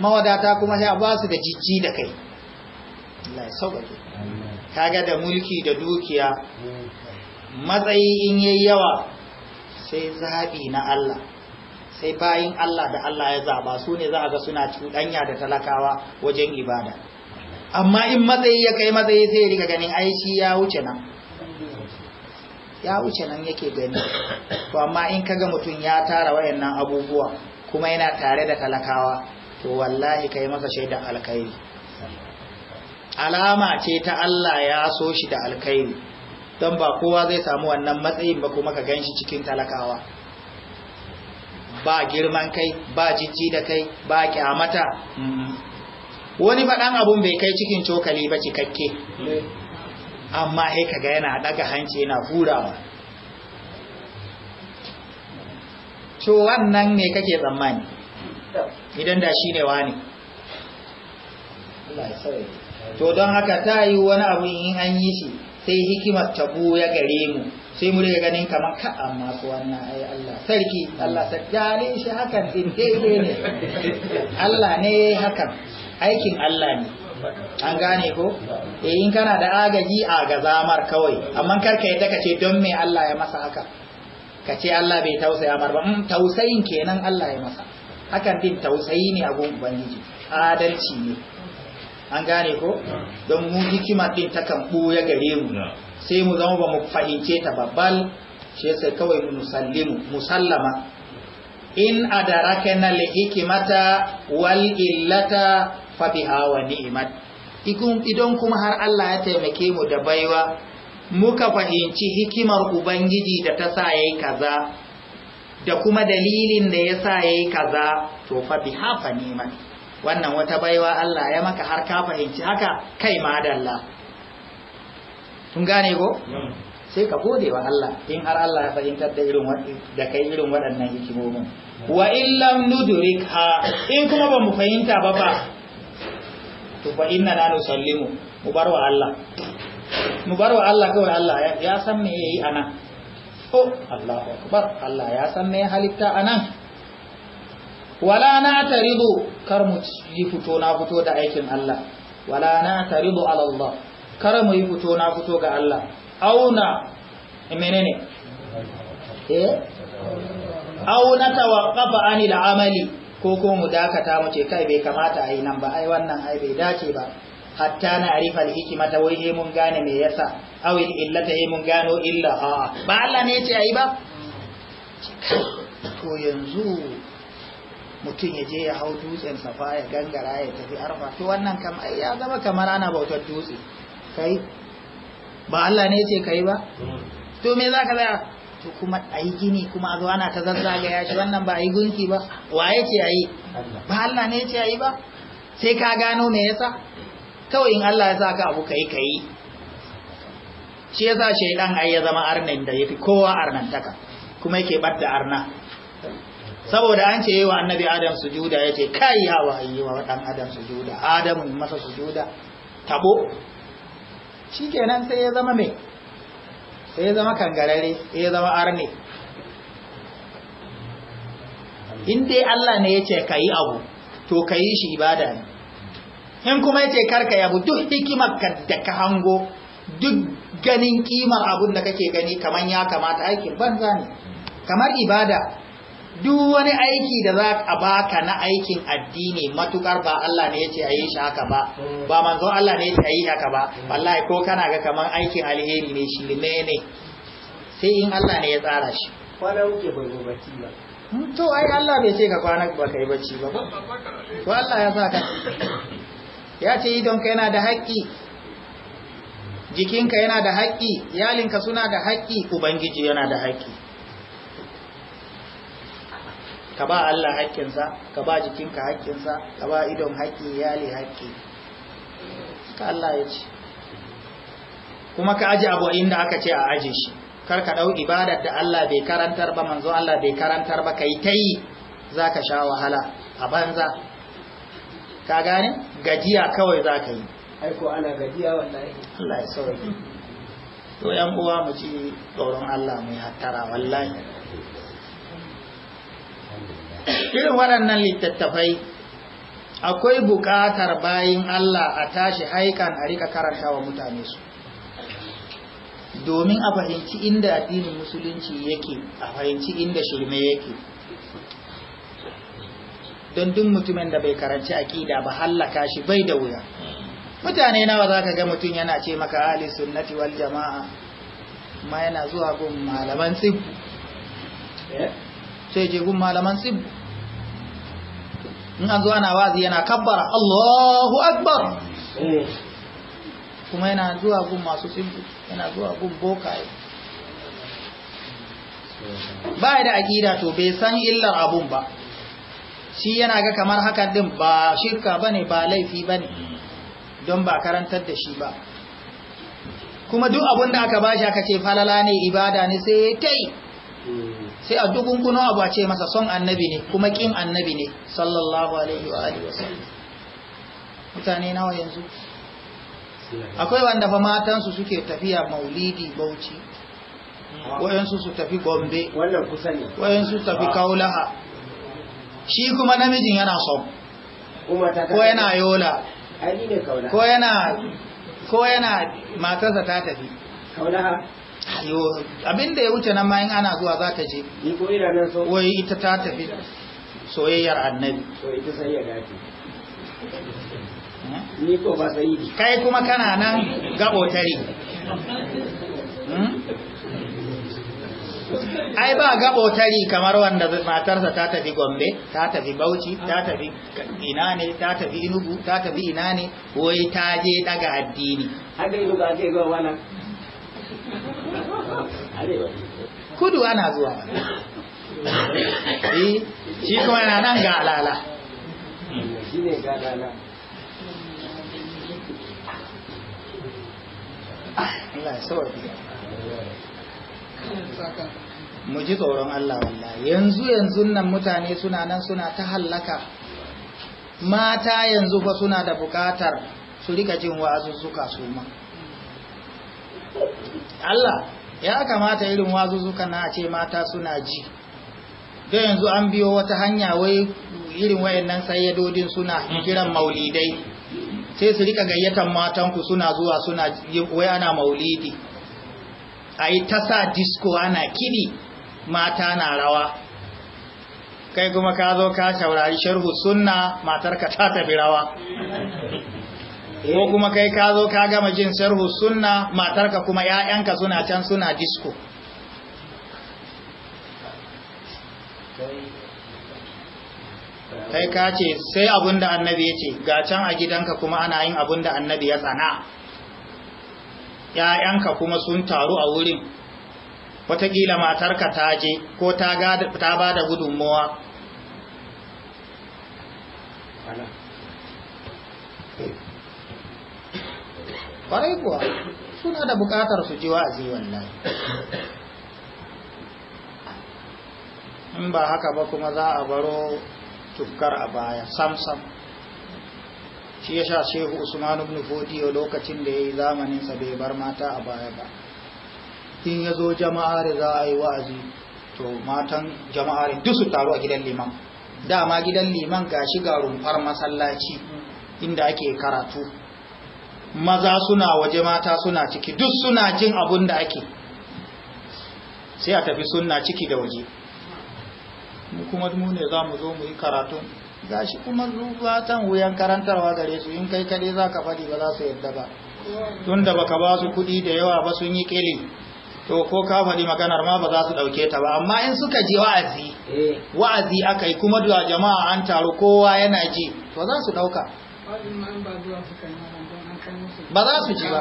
mawadata kuma sai a ba su da jijji da kai Allah ya sauƙaƙe kaga da mulki da dukiya matsayi in yayi yawa sai zaɓi na Allah sai bayin Allah da Allah ya zaba su ne za a ga suna cuɗanya da talakawa wajen ibada amma in matsayi ya kai matsayi sai rika ganin aishi ya wuce nan ya wuce nan yake gani to amma in kaga mutum ya tara wayannan abubuwa kuma yana tare da talakawa to wallahi kai masa shaidan alkhairi alama ce ta Allah ya so shi da alkhairi don ba kowa zai samu wannan matsayin ba kuma ka gan shi cikin talakawa ba girman kai ba jijji da kai ba kyamata wani faɗan abun bai kai cikin cokali ba cikakke amma sai kaga yana daga hanci yana hurawa to wannan ne kake tsammani idan da shine wani to don haka ta yi wani abu in an yi shi sai hikimar ta buya gare mu sai mu rika ganin kamar ka amma su wannan ai Allah sarki Allah sarki shi hakan din dai ne Allah ne hakan aikin Allah ne an gane ko eh in kana da agaji a ga zamar kawai amma karka yadda kace don me Allah ya masa haka kace Allah bai tausaya mar ba mm, tausayin kenan Allah ya masa hakan din tausayi ne a gun ubangiji adalci ne an gane ko don mu hikima din takan buya gare mu sai mu zama ba mu fahimce ta babbal shi sai kawai musallimu musallama in adarakana lihikimata wal illata fa biha wa ni'mat idan kuma har Allah ya taimake mu da baiwa muka fahimci hikimar ubangiji da ta sa yayi kaza da kuma dalilin da ya sa yayi kaza to fa biha fa ni'mat wannan wata baiwa Allah ya maka har ka fahimci haka kai ma dalla sun gane ko hmm. sai ka gode wa Allah in har Allah ya fahimtar da irin da kai irin waɗannan hikimomin wa illa nudrika in kuma ba mu fahimta ba ba to fa inna na nusallimu mu bar wa Allah mu bar wa Allah kawai Allah ya san me yayi anan ko oh, Allahu akbar Allah ya san me halitta anan wala na taridu kar mu yi fito na fito da aikin Allah wala na taridu ala Allah kar mu yi fito na fito ga Allah auna menene eh auna tawaqqafa anil amali ko ko mu dakata mu ce kai bai kamata a yi nan ba ai wannan ai bai dace ba hatta na arifa alhikimata wai he mun gane me yasa aw illata he mun gano illa ha ba Allah ne ce ai ba to yanzu mutum ya je ya hau dutsen safa ya gangara ya tafi arfa to wannan kam ai ya zama kamar ana bautar dutse kai ba Allah ne ce kai ba hmm. to me za ka tsaya to kuma ayi gini kuma a zo ana ta zazzaga ya shi wannan ba yi gunki ba waye ce yi? ba Allah ne ce yi ba sai ka gano me yasa kawai in Allah ya saka abu kai kai shi yasa shaydan ai ya zama arnan da yafi kowa arnantaka kuma yake batta arna saboda an ce yi wa annabi adam sujuda ya ce kai hawa yi wa dan adam sujuda adam masa sujuda tabo shikenan sai ya zama mai sai ya zama kangarare sai ya zama arne in dai Allah ne ya ce ka yi abu to ka yi shi ibada ne in kuma ya ce karka yabu duk hikimar da ka hango duk ganin kimar abun da kake gani kamar ya kamata aikin banza ne kamar ibada duk wani aiki da za a baka na aikin addini matukar ba Allah ne yace ayi shi haka ba ba manzon Allah ne yace ayi haka ba wallahi ko kana ga kaman aikin alheri ne shi ne sai in Allah ne ya tsara shi kwana uke bai zo bacci ba hmm, to ai Allah bai ce ka kwana ba kai bacci ba to Allah ya saka ya ce idan kai yana da haƙƙi jikinka yana da haƙƙi iyalinka suna da haƙƙi ubangiji yana da haƙƙi ka ba Allah haƙƙinsa ka ba jikinka haƙƙinsa ka ba idon haƙƙi iyali haƙƙi ka Allah ya ce kuma ka aji abu inda aka ce a aje shi kar ka dau ibadar da Allah bai karantar ba manzo Allah bai karantar ba ka yi ta yi za ka sha wahala a banza ka gane gajiya kawai za ka yi aiko ana gajiya wallahi Allah ya sauke to yan uwa mu ci tsoron Allah mu yi hattara wallahi irin waɗannan littattafai akwai buƙatar bayin Allah a tashi haikan a rika karanta wa mutane su domin a fahimci inda addinin musulunci yake a fahimci inda shirme yake don duk mutumin da bai karanci aƙida ba hallaka shi bai da wuya mutane nawa za ka ga mutum yana ce maka ahli sunnati wal jama'a ma yana zuwa gun malaman tsibbu eh? sai je gun malaman tsib in an zo ana wazi yana kabbara Allahu akbar kuma yana zuwa gun masu tsibbu yana zuwa gun bokaye ba da akida to bai san illar abun ba shi yana ga kamar haka din ba shirka bane ba laifi bane don ba karantar da shi ba kuma duk abun da aka bashi aka ce falala ne ibada ne sai ya kai sai a dukunkuna abu a ce masa son annabi ne kuma kin annabi ne sallallahu alaihi wa alihi wasallam mutane nawa yanzu akwai wanda fa matansu suke tafiya maulidi bauchi wayansu su tafi gombe wannan kusa ne wayansu su tafi kaulaha shi kuma namijin yana son ko yana yola ko yana ko yana matarsa ta tafi kaulaha abinda ya wuce nan mayan ana zuwa za ta je wai ita ta tafi soyayyar annabi eh? kai kuma kana nan gabotari hmm? ai ba gabotari kamar wanda matarsa ta tafi gombe ta tafi bauchi ta tafi ina ne ta tafi inugu ta tafi ina ne wai ta je daga addini haka ake kudu ana zuwa eh shi kuma yana nan ga alala mu ji tsoron Allah wallahi yanzu yanzu nan mutane suna nan suna ta hallaka mata yanzu fa suna da bukatar su rika jin wa'azuzzuka su ma Allah ya kamata irin wazuzukan na a ce mata suna ji don yanzu an biyo wata hanya wai irin wayannan sayyadodin suna kiran maulidai sai su rika gayyatar matanku suna zuwa suna wai ana maulidi a yi ta sa disko ana kiɗi mata na rawa kai kuma ka zo ka shaurari sharhu sunna matarka ta tafi rawa ko kuma kai ka zo ka gama jin sharhu sunna matarka kuma ƴaƴanka suna can suna disco kai ka ce sai abinda annabi ya ce ga can a gidanka kuma ana yin abinda annabi ya tsana ‘ya'yanka kuma sun taru a wurin wataƙila matarka ta je ko ta ba da gudunmowa kwarai kuwa suna da bukatar su ji wa'azi wallahi in ba haka ba kuma za a baro tukkar a baya sam shi ya sha shehu usman ibn fodiyo lokacin da ya yi zamaninsa bai bar mata a baya ba in ya zo jama'ar za a yi wa'azi to matan jama'ar duk su taru a gidan liman dama gidan liman ga shiga ga rumfar masallaci inda ake karatu maza suna waje mata suna ciki duk suna jin abun da ake sai a tafi suna ciki da waje mu kuma mu ne za mu zo mu yi karatun gashi kuma zubatan wuyan karantarwa gare su in kai kaɗai za ka faɗi ba za su yadda ba tun da baka ba su kuɗi da yawa ba sun yi ƙili to ko ka faɗi maganar ma ba za su ɗauke ta ba amma in suka je wa'azi eh. wa'azi aka yi kuma da jama'a an taru kowa yana ji to za su ɗauka ba za su ji ba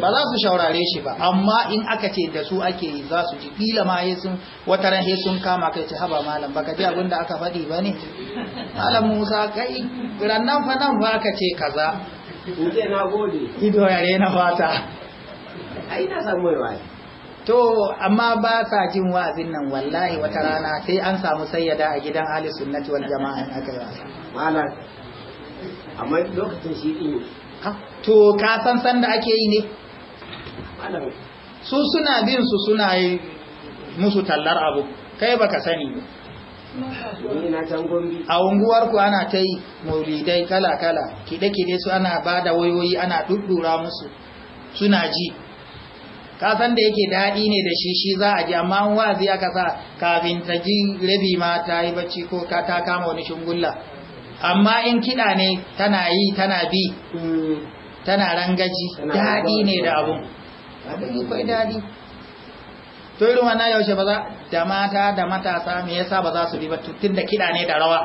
ba za su shaurare shi ba amma in aka ce da su ake yi za su ji kila ma yi sun wata ran sun kama kai ci haba malam baka ji abin da aka faɗi ba ne malam musa kai rannan fa nan ba ka ce kaza ido yare na fata ai na samu yawa to amma ba sa jin wa'azin nan wallahi wata rana sai an samu sayyada a gidan ahli sunnati wal jama'a in aka yi wasa malam amma lokacin shi din to ka san sanda ake yi ne su suna bin su suna yi musu tallar abu kai baka sani ba a unguwarku ana ta yi maulidai kala-kala kide-kide su ana ba da wayoyi ana dudura musu suna ji kasan da yake daɗi ne da shi shi za a ji amma wazi aka sa kafin ta ji rabi ma ta yi bacci ko ka ta kama wani shungulla amma in kiɗa ne tana yi tana bi mm. tana rangaji daɗi ne da abu abin kai daɗi to irin wannan yaushe ba za da mata da matasa me yasa ba za su bi ba tun da kiɗa ne da rawa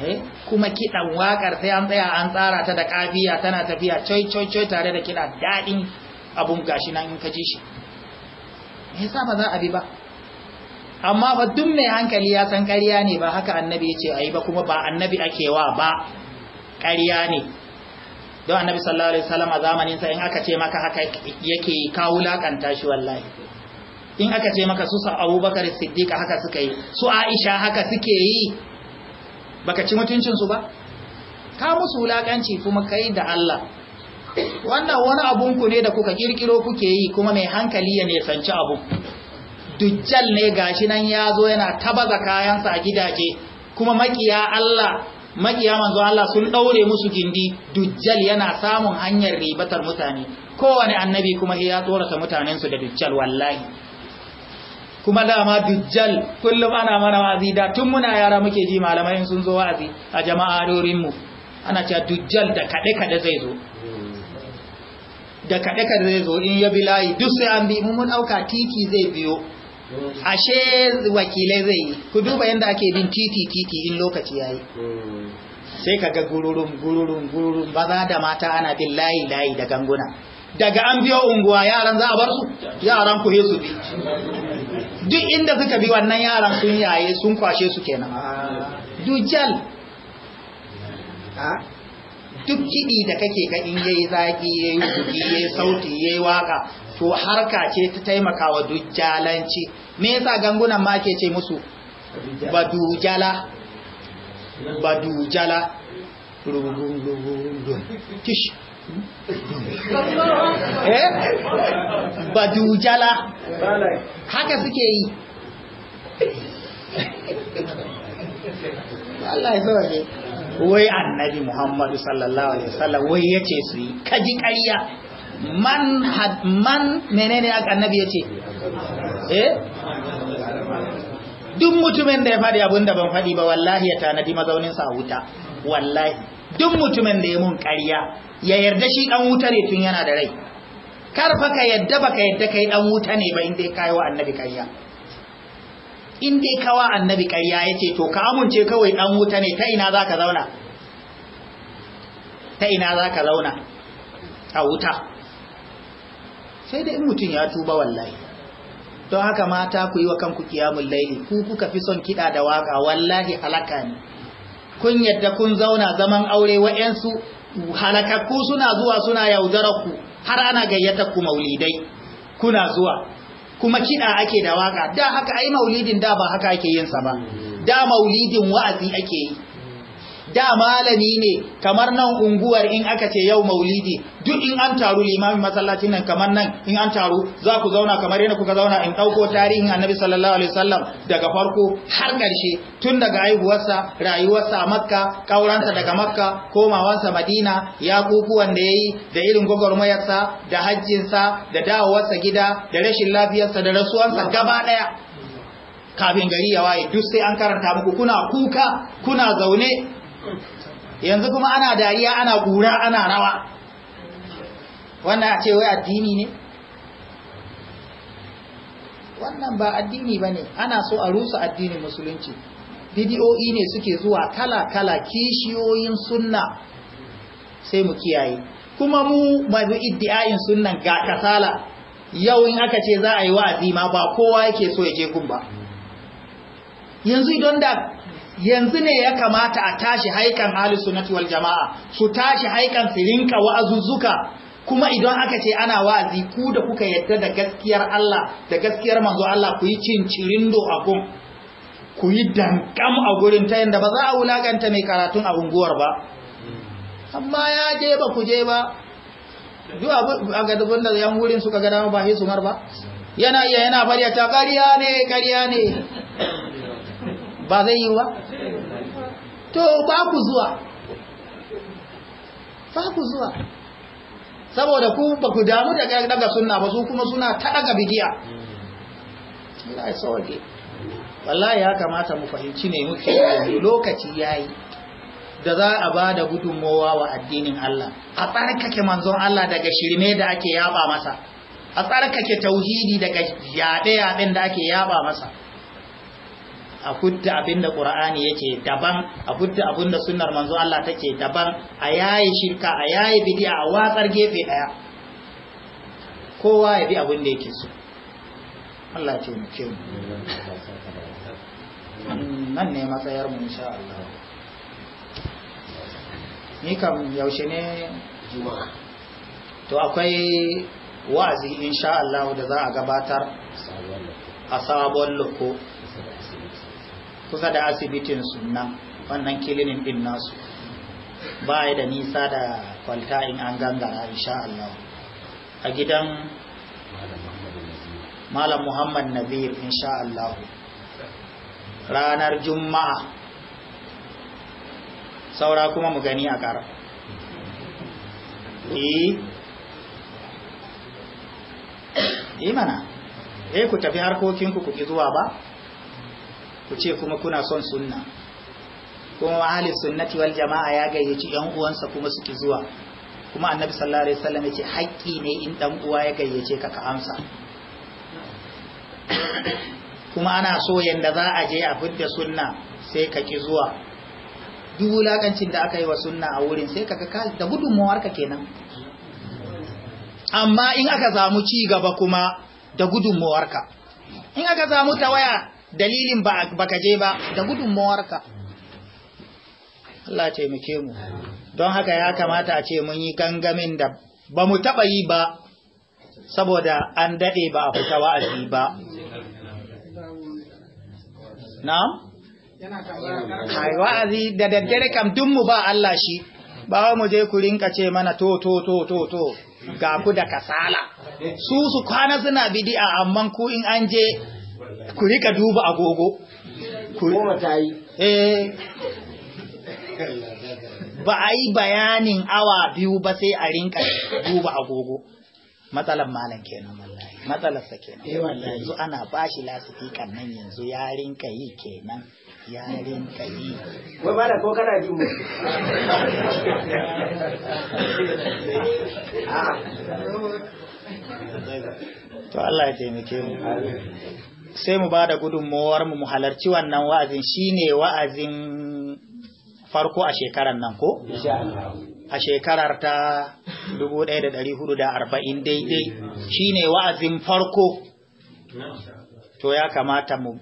eh kuma kiɗan wakar, sai an tsaya an tsara ta da ƙafiya tana tafiya coy coy coy tare da kiɗa daɗin abun gashi nan in ka ji shi me yasa ba za a bi ba amma ba duk mai hankali ya san ƙarya ne ba haka annabi ya ce a yi ba kuma ba annabi ake wa ba ƙarya ne don annabi sallallahu alaihi wasallam a zamanin sa in aka ce maka haka yake kawo lakanta shi wallahi in aka ce maka su Abubakar Siddiq haka suka yi su Aisha haka suke yi baka ci mutuncin su ba ka musu lakanci kuma kai da Allah wannan wani abun ku ne da kuka kirkiro kuke yi kuma mai hankali ya ne sanci abu dujjal ne gashi nan yazo yana tabaza kayansa a gidaje kuma makiya Allah maƙiya manzo Allah sun ɗaure musu gindi dujjal yana samun hanyar ribatar mutane kowane annabi kuma ya tsorata mutanensu da dujjal wallahi kuma dama dujjal kullum ana mana wa'azi da tun muna yara muke ji malamai sun zo wa'azi a jama'a dorinmu ana cewa dujjal da kaɗe-kaɗe zai zo da kaɗe-kaɗe zai zo in ya bi layi duk sai an bi mun ɗauka titi zai biyo ashe wakilai zai yi ku duba yadda ake bin titi titi in lokaci ya yi. sai ka ga gururum gururum gururum za da mata ana bin layi layi da ganguna daga an biyo unguwa yaran za a bar su yaran ku su bi duk inda suka bi wannan yaran sun yaye sun kwashe su kenan dujjal ah. duk kiɗi da kake ga in yayi zaki yayi buki yayi sauti yayi waka to harka ce ta taimaka wa dujjalanci me yasa gangunan ma ke ce musu badujala badujala rugurugurun kish eh badujala haka suke yi Allah ya sauke wai annabi Muhammadu sallallahu alaihi wasallam wai yace su yi kaji ƙarya man had man menene aka annabi yace eh duk mutumin da ya faɗi abin ban faɗi ba wallahi ya tanadi mazaunin sa wuta wallahi duk mutumin da ya mun ƙarya ya yarda shi dan wuta ne tun yana da rai kar fa ka yadda baka yadda kai dan wuta ne ba in dai wa annabi ƙarya in dai kawa annabi ƙarya yace to ka amince kawai dan wuta ne ta ina zaka zauna ta ina zaka zauna a wuta sai da in mutum ya tuba wallahi don haka mata ku yi wa kanku kiyamun laili ku kuka fi son kiɗa da waka wallahi halaka ne kun yadda kun zauna zaman aure wa'yansu halakakku suna zuwa suna yaudarar ku har ana gayyatar ku maulidai kuna zuwa kuma kiɗa ake da waka da haka ai maulidin da ba haka ake yin sa ba da maulidin wa'azi ake yi da malami ne kamar nan unguwar in aka ce yau maulidi duk in an taru limamin masallacin nan kamar nan in an taru za ku zauna kamar yana kuka zauna in ɗauko tarihin annabi sallallahu alaihi wasallam daga farko har ƙarshe tun daga haihuwarsa rayuwarsa a makka ƙauransa daga makka komawansa madina ya kukuwan da ya yi da irin gwagwarmayarsa da hajjinsa da dawowarsa gida da rashin lafiyarsa da rasuwarsa gaba ɗaya kafin gari ya waye duk sai an karanta muku kuna kuka kuna zaune yanzu kuma ana dariya ana ƙura ana rawa wannan a ce wai addini ne wannan ba addini ba ne ana so a rusa addinin musulunci bidiyo'i ne suke zuwa kala-kala kishiyoyin sunna sai mu kiyaye kuma mu mazu iddiayin sunnan ga kasala yau in aka ce za a yi wa'azi ma ba kowa yake so ya je kun ba yanzu idan da yanzu ne ya kamata a tashi haikan ahli sunnati wal jama'a su tashi haikan sirinka wa wa'azuzzuka kuma idan aka ce ana wa'azi ku da kuka yadda da gaskiyar Allah da gaskiyar manzo Allah ku yi do a gun ku yi dankam a gurin ta yanda ba za a wulakanta mai karatun a unguwar ba amma ya je ba ku je ba duk a da yan wurin suka gada ba su ba yana iya yana farya ta ƙarya ne ƙarya ne ba zai yi ba to ba ku zuwa ba ku zuwa saboda ku ba ku damu da daga sunna ba su kuma suna ta daga bigiya Allah ya sauke wallahi ya kamata mu fahimci ne muke lokaci yayi da za a ba da gudunmowa wa addinin Allah a tsarkake manzon Allah daga shirme da ake yaba masa a tsarkake tauhidi daga yaɗe-yaɗen da ake yaba masa a hudda abinda ƙura'ani yake daban a hudda abinda sunnar manzo Allah take daban a yayi shirka a yayi bid'a a watsar gefe daya kowa ya bi abin da yake so Allah ya taimake mu nan ne matsayar mu insha Allah ni kam yaushe ne juma'a to akwai wa'azi insha Allah da za a gabatar a sabon lokaci kusa da asibitin sunna wannan kilinin din nasu ba ya da nisa da kwalta in an gangara insha Allah a gidan malam muhammad nazir insha Allah ranar juma'a saura kuma mu gani a kara E, eh. eh mana eh ku tafi harkokinku ku ki zuwa ba ku ce kuma kuna son sunna kuma ahli sunnati wal jama'a ya gayyaci yan uwansa kuma suke zuwa kuma annabi sallallahu alaihi wasallam yace haƙƙi ne in dan uwa ya gayyace ka ka amsa kuma ana so yanda za a je a fidda sunna sai ka ki zuwa duk wulakancin da aka yi wa sunna a wurin sai ka ka da gudunmuwar ka kenan amma in aka samu ci gaba kuma da gudunmuwar ka in aka zamu ta waya. dalilin ba ka je ba da gudunmawarka Allah taimake mu don haka ya kamata a ce mun yi gangamin da ba mu taɓa yi ba saboda an daɗe ba a fita wa'azi ba na? wa'azi da daddare kam dun mu ba Allah shi ba mu je ku rinka ce mana to to to to to ga ku da kasala su su kwana suna bidi'a amma ku in an je ku rika duba agogo ku eh ba a yi bayanin awa biyu ba sai a rinka duba agogo matsalan malam kenan wallahi matsalarsa kenan eh wallahi yanzu ana bashi kan nan yanzu ya rinka yi kenan ya rinka yi wai malam ko kana ji mu to Allah ya taimake mu sai mu ba da gudunmowar mu mu halarci wannan wa'azin shine wa'azin farko a shekarar nan ko? a shekarar ta 1440 daidai shine wa'azin farko to ya kamata mu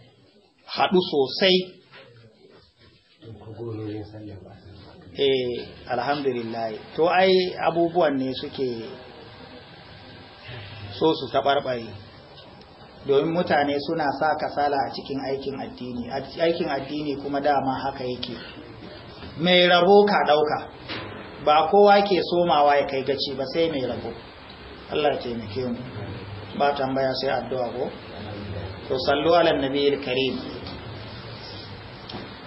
haɗu sosai eh alhamdulillah to ai abubuwan ne suke so su taɓarɓare domin mutane suna sa kasala a cikin aikin addini aikin addini kuma dama haka yake mai rabo ka dauka ba kowa ke somawa ya kai gaci ba sai mai rabo Allah ya nake mu ba tambaya sai addu'a ko to sallu ala nabiyil karim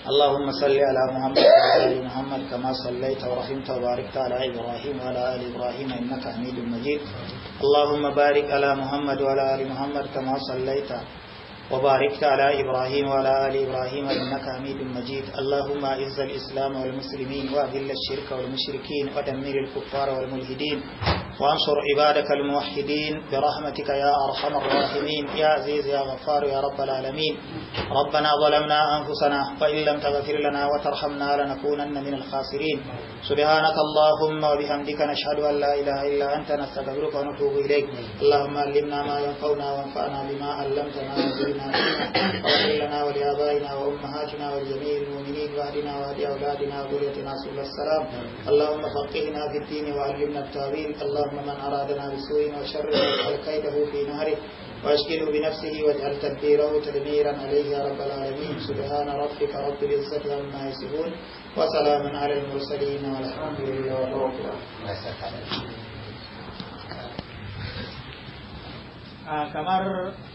اللهم صل على محمد وعلى ال محمد كما صليت ورحمت وباركت على ابراهيم وعلى ال ابراهيم انك حميد مجيد اللهم بارك على محمد وعلى آل محمد كما صليت وباركت على إبراهيم وعلى آل إبراهيم إنك حميد مجيد اللهم أعز الإسلام والمسلمين وأذل الشرك والمشركين ودمر الكفار والملحدين وانصر عبادك الموحدين برحمتك يا أرحم الراحمين يا عزيز يا غفار يا رب العالمين ربنا ظلمنا أنفسنا فإن لم تغفر لنا وترحمنا لنكونن من الخاسرين سبحانك اللهم وبحمدك نشهد أن لا إله إلا أنت نستغفرك ونتوب إليك اللهم علمنا ما ينفعنا وانفعنا بما علمتنا ربنا لنا ولآبائنا وأمهاتنا ولجميع المؤمنين وأهلنا وأهل أولادنا وذريتنا سبل السلام اللهم فقهنا في الدين وعلمنا التاويل اللهم من أرادنا بسوء وشر واجعل كيده في نهره واشكله بنفسه واجعل تدبيره تدميرا عليه يا رب العالمين سبحان ربك رب العزة عما يصفون وسلام على المرسلين والحمد لله رب العالمين kamar آه،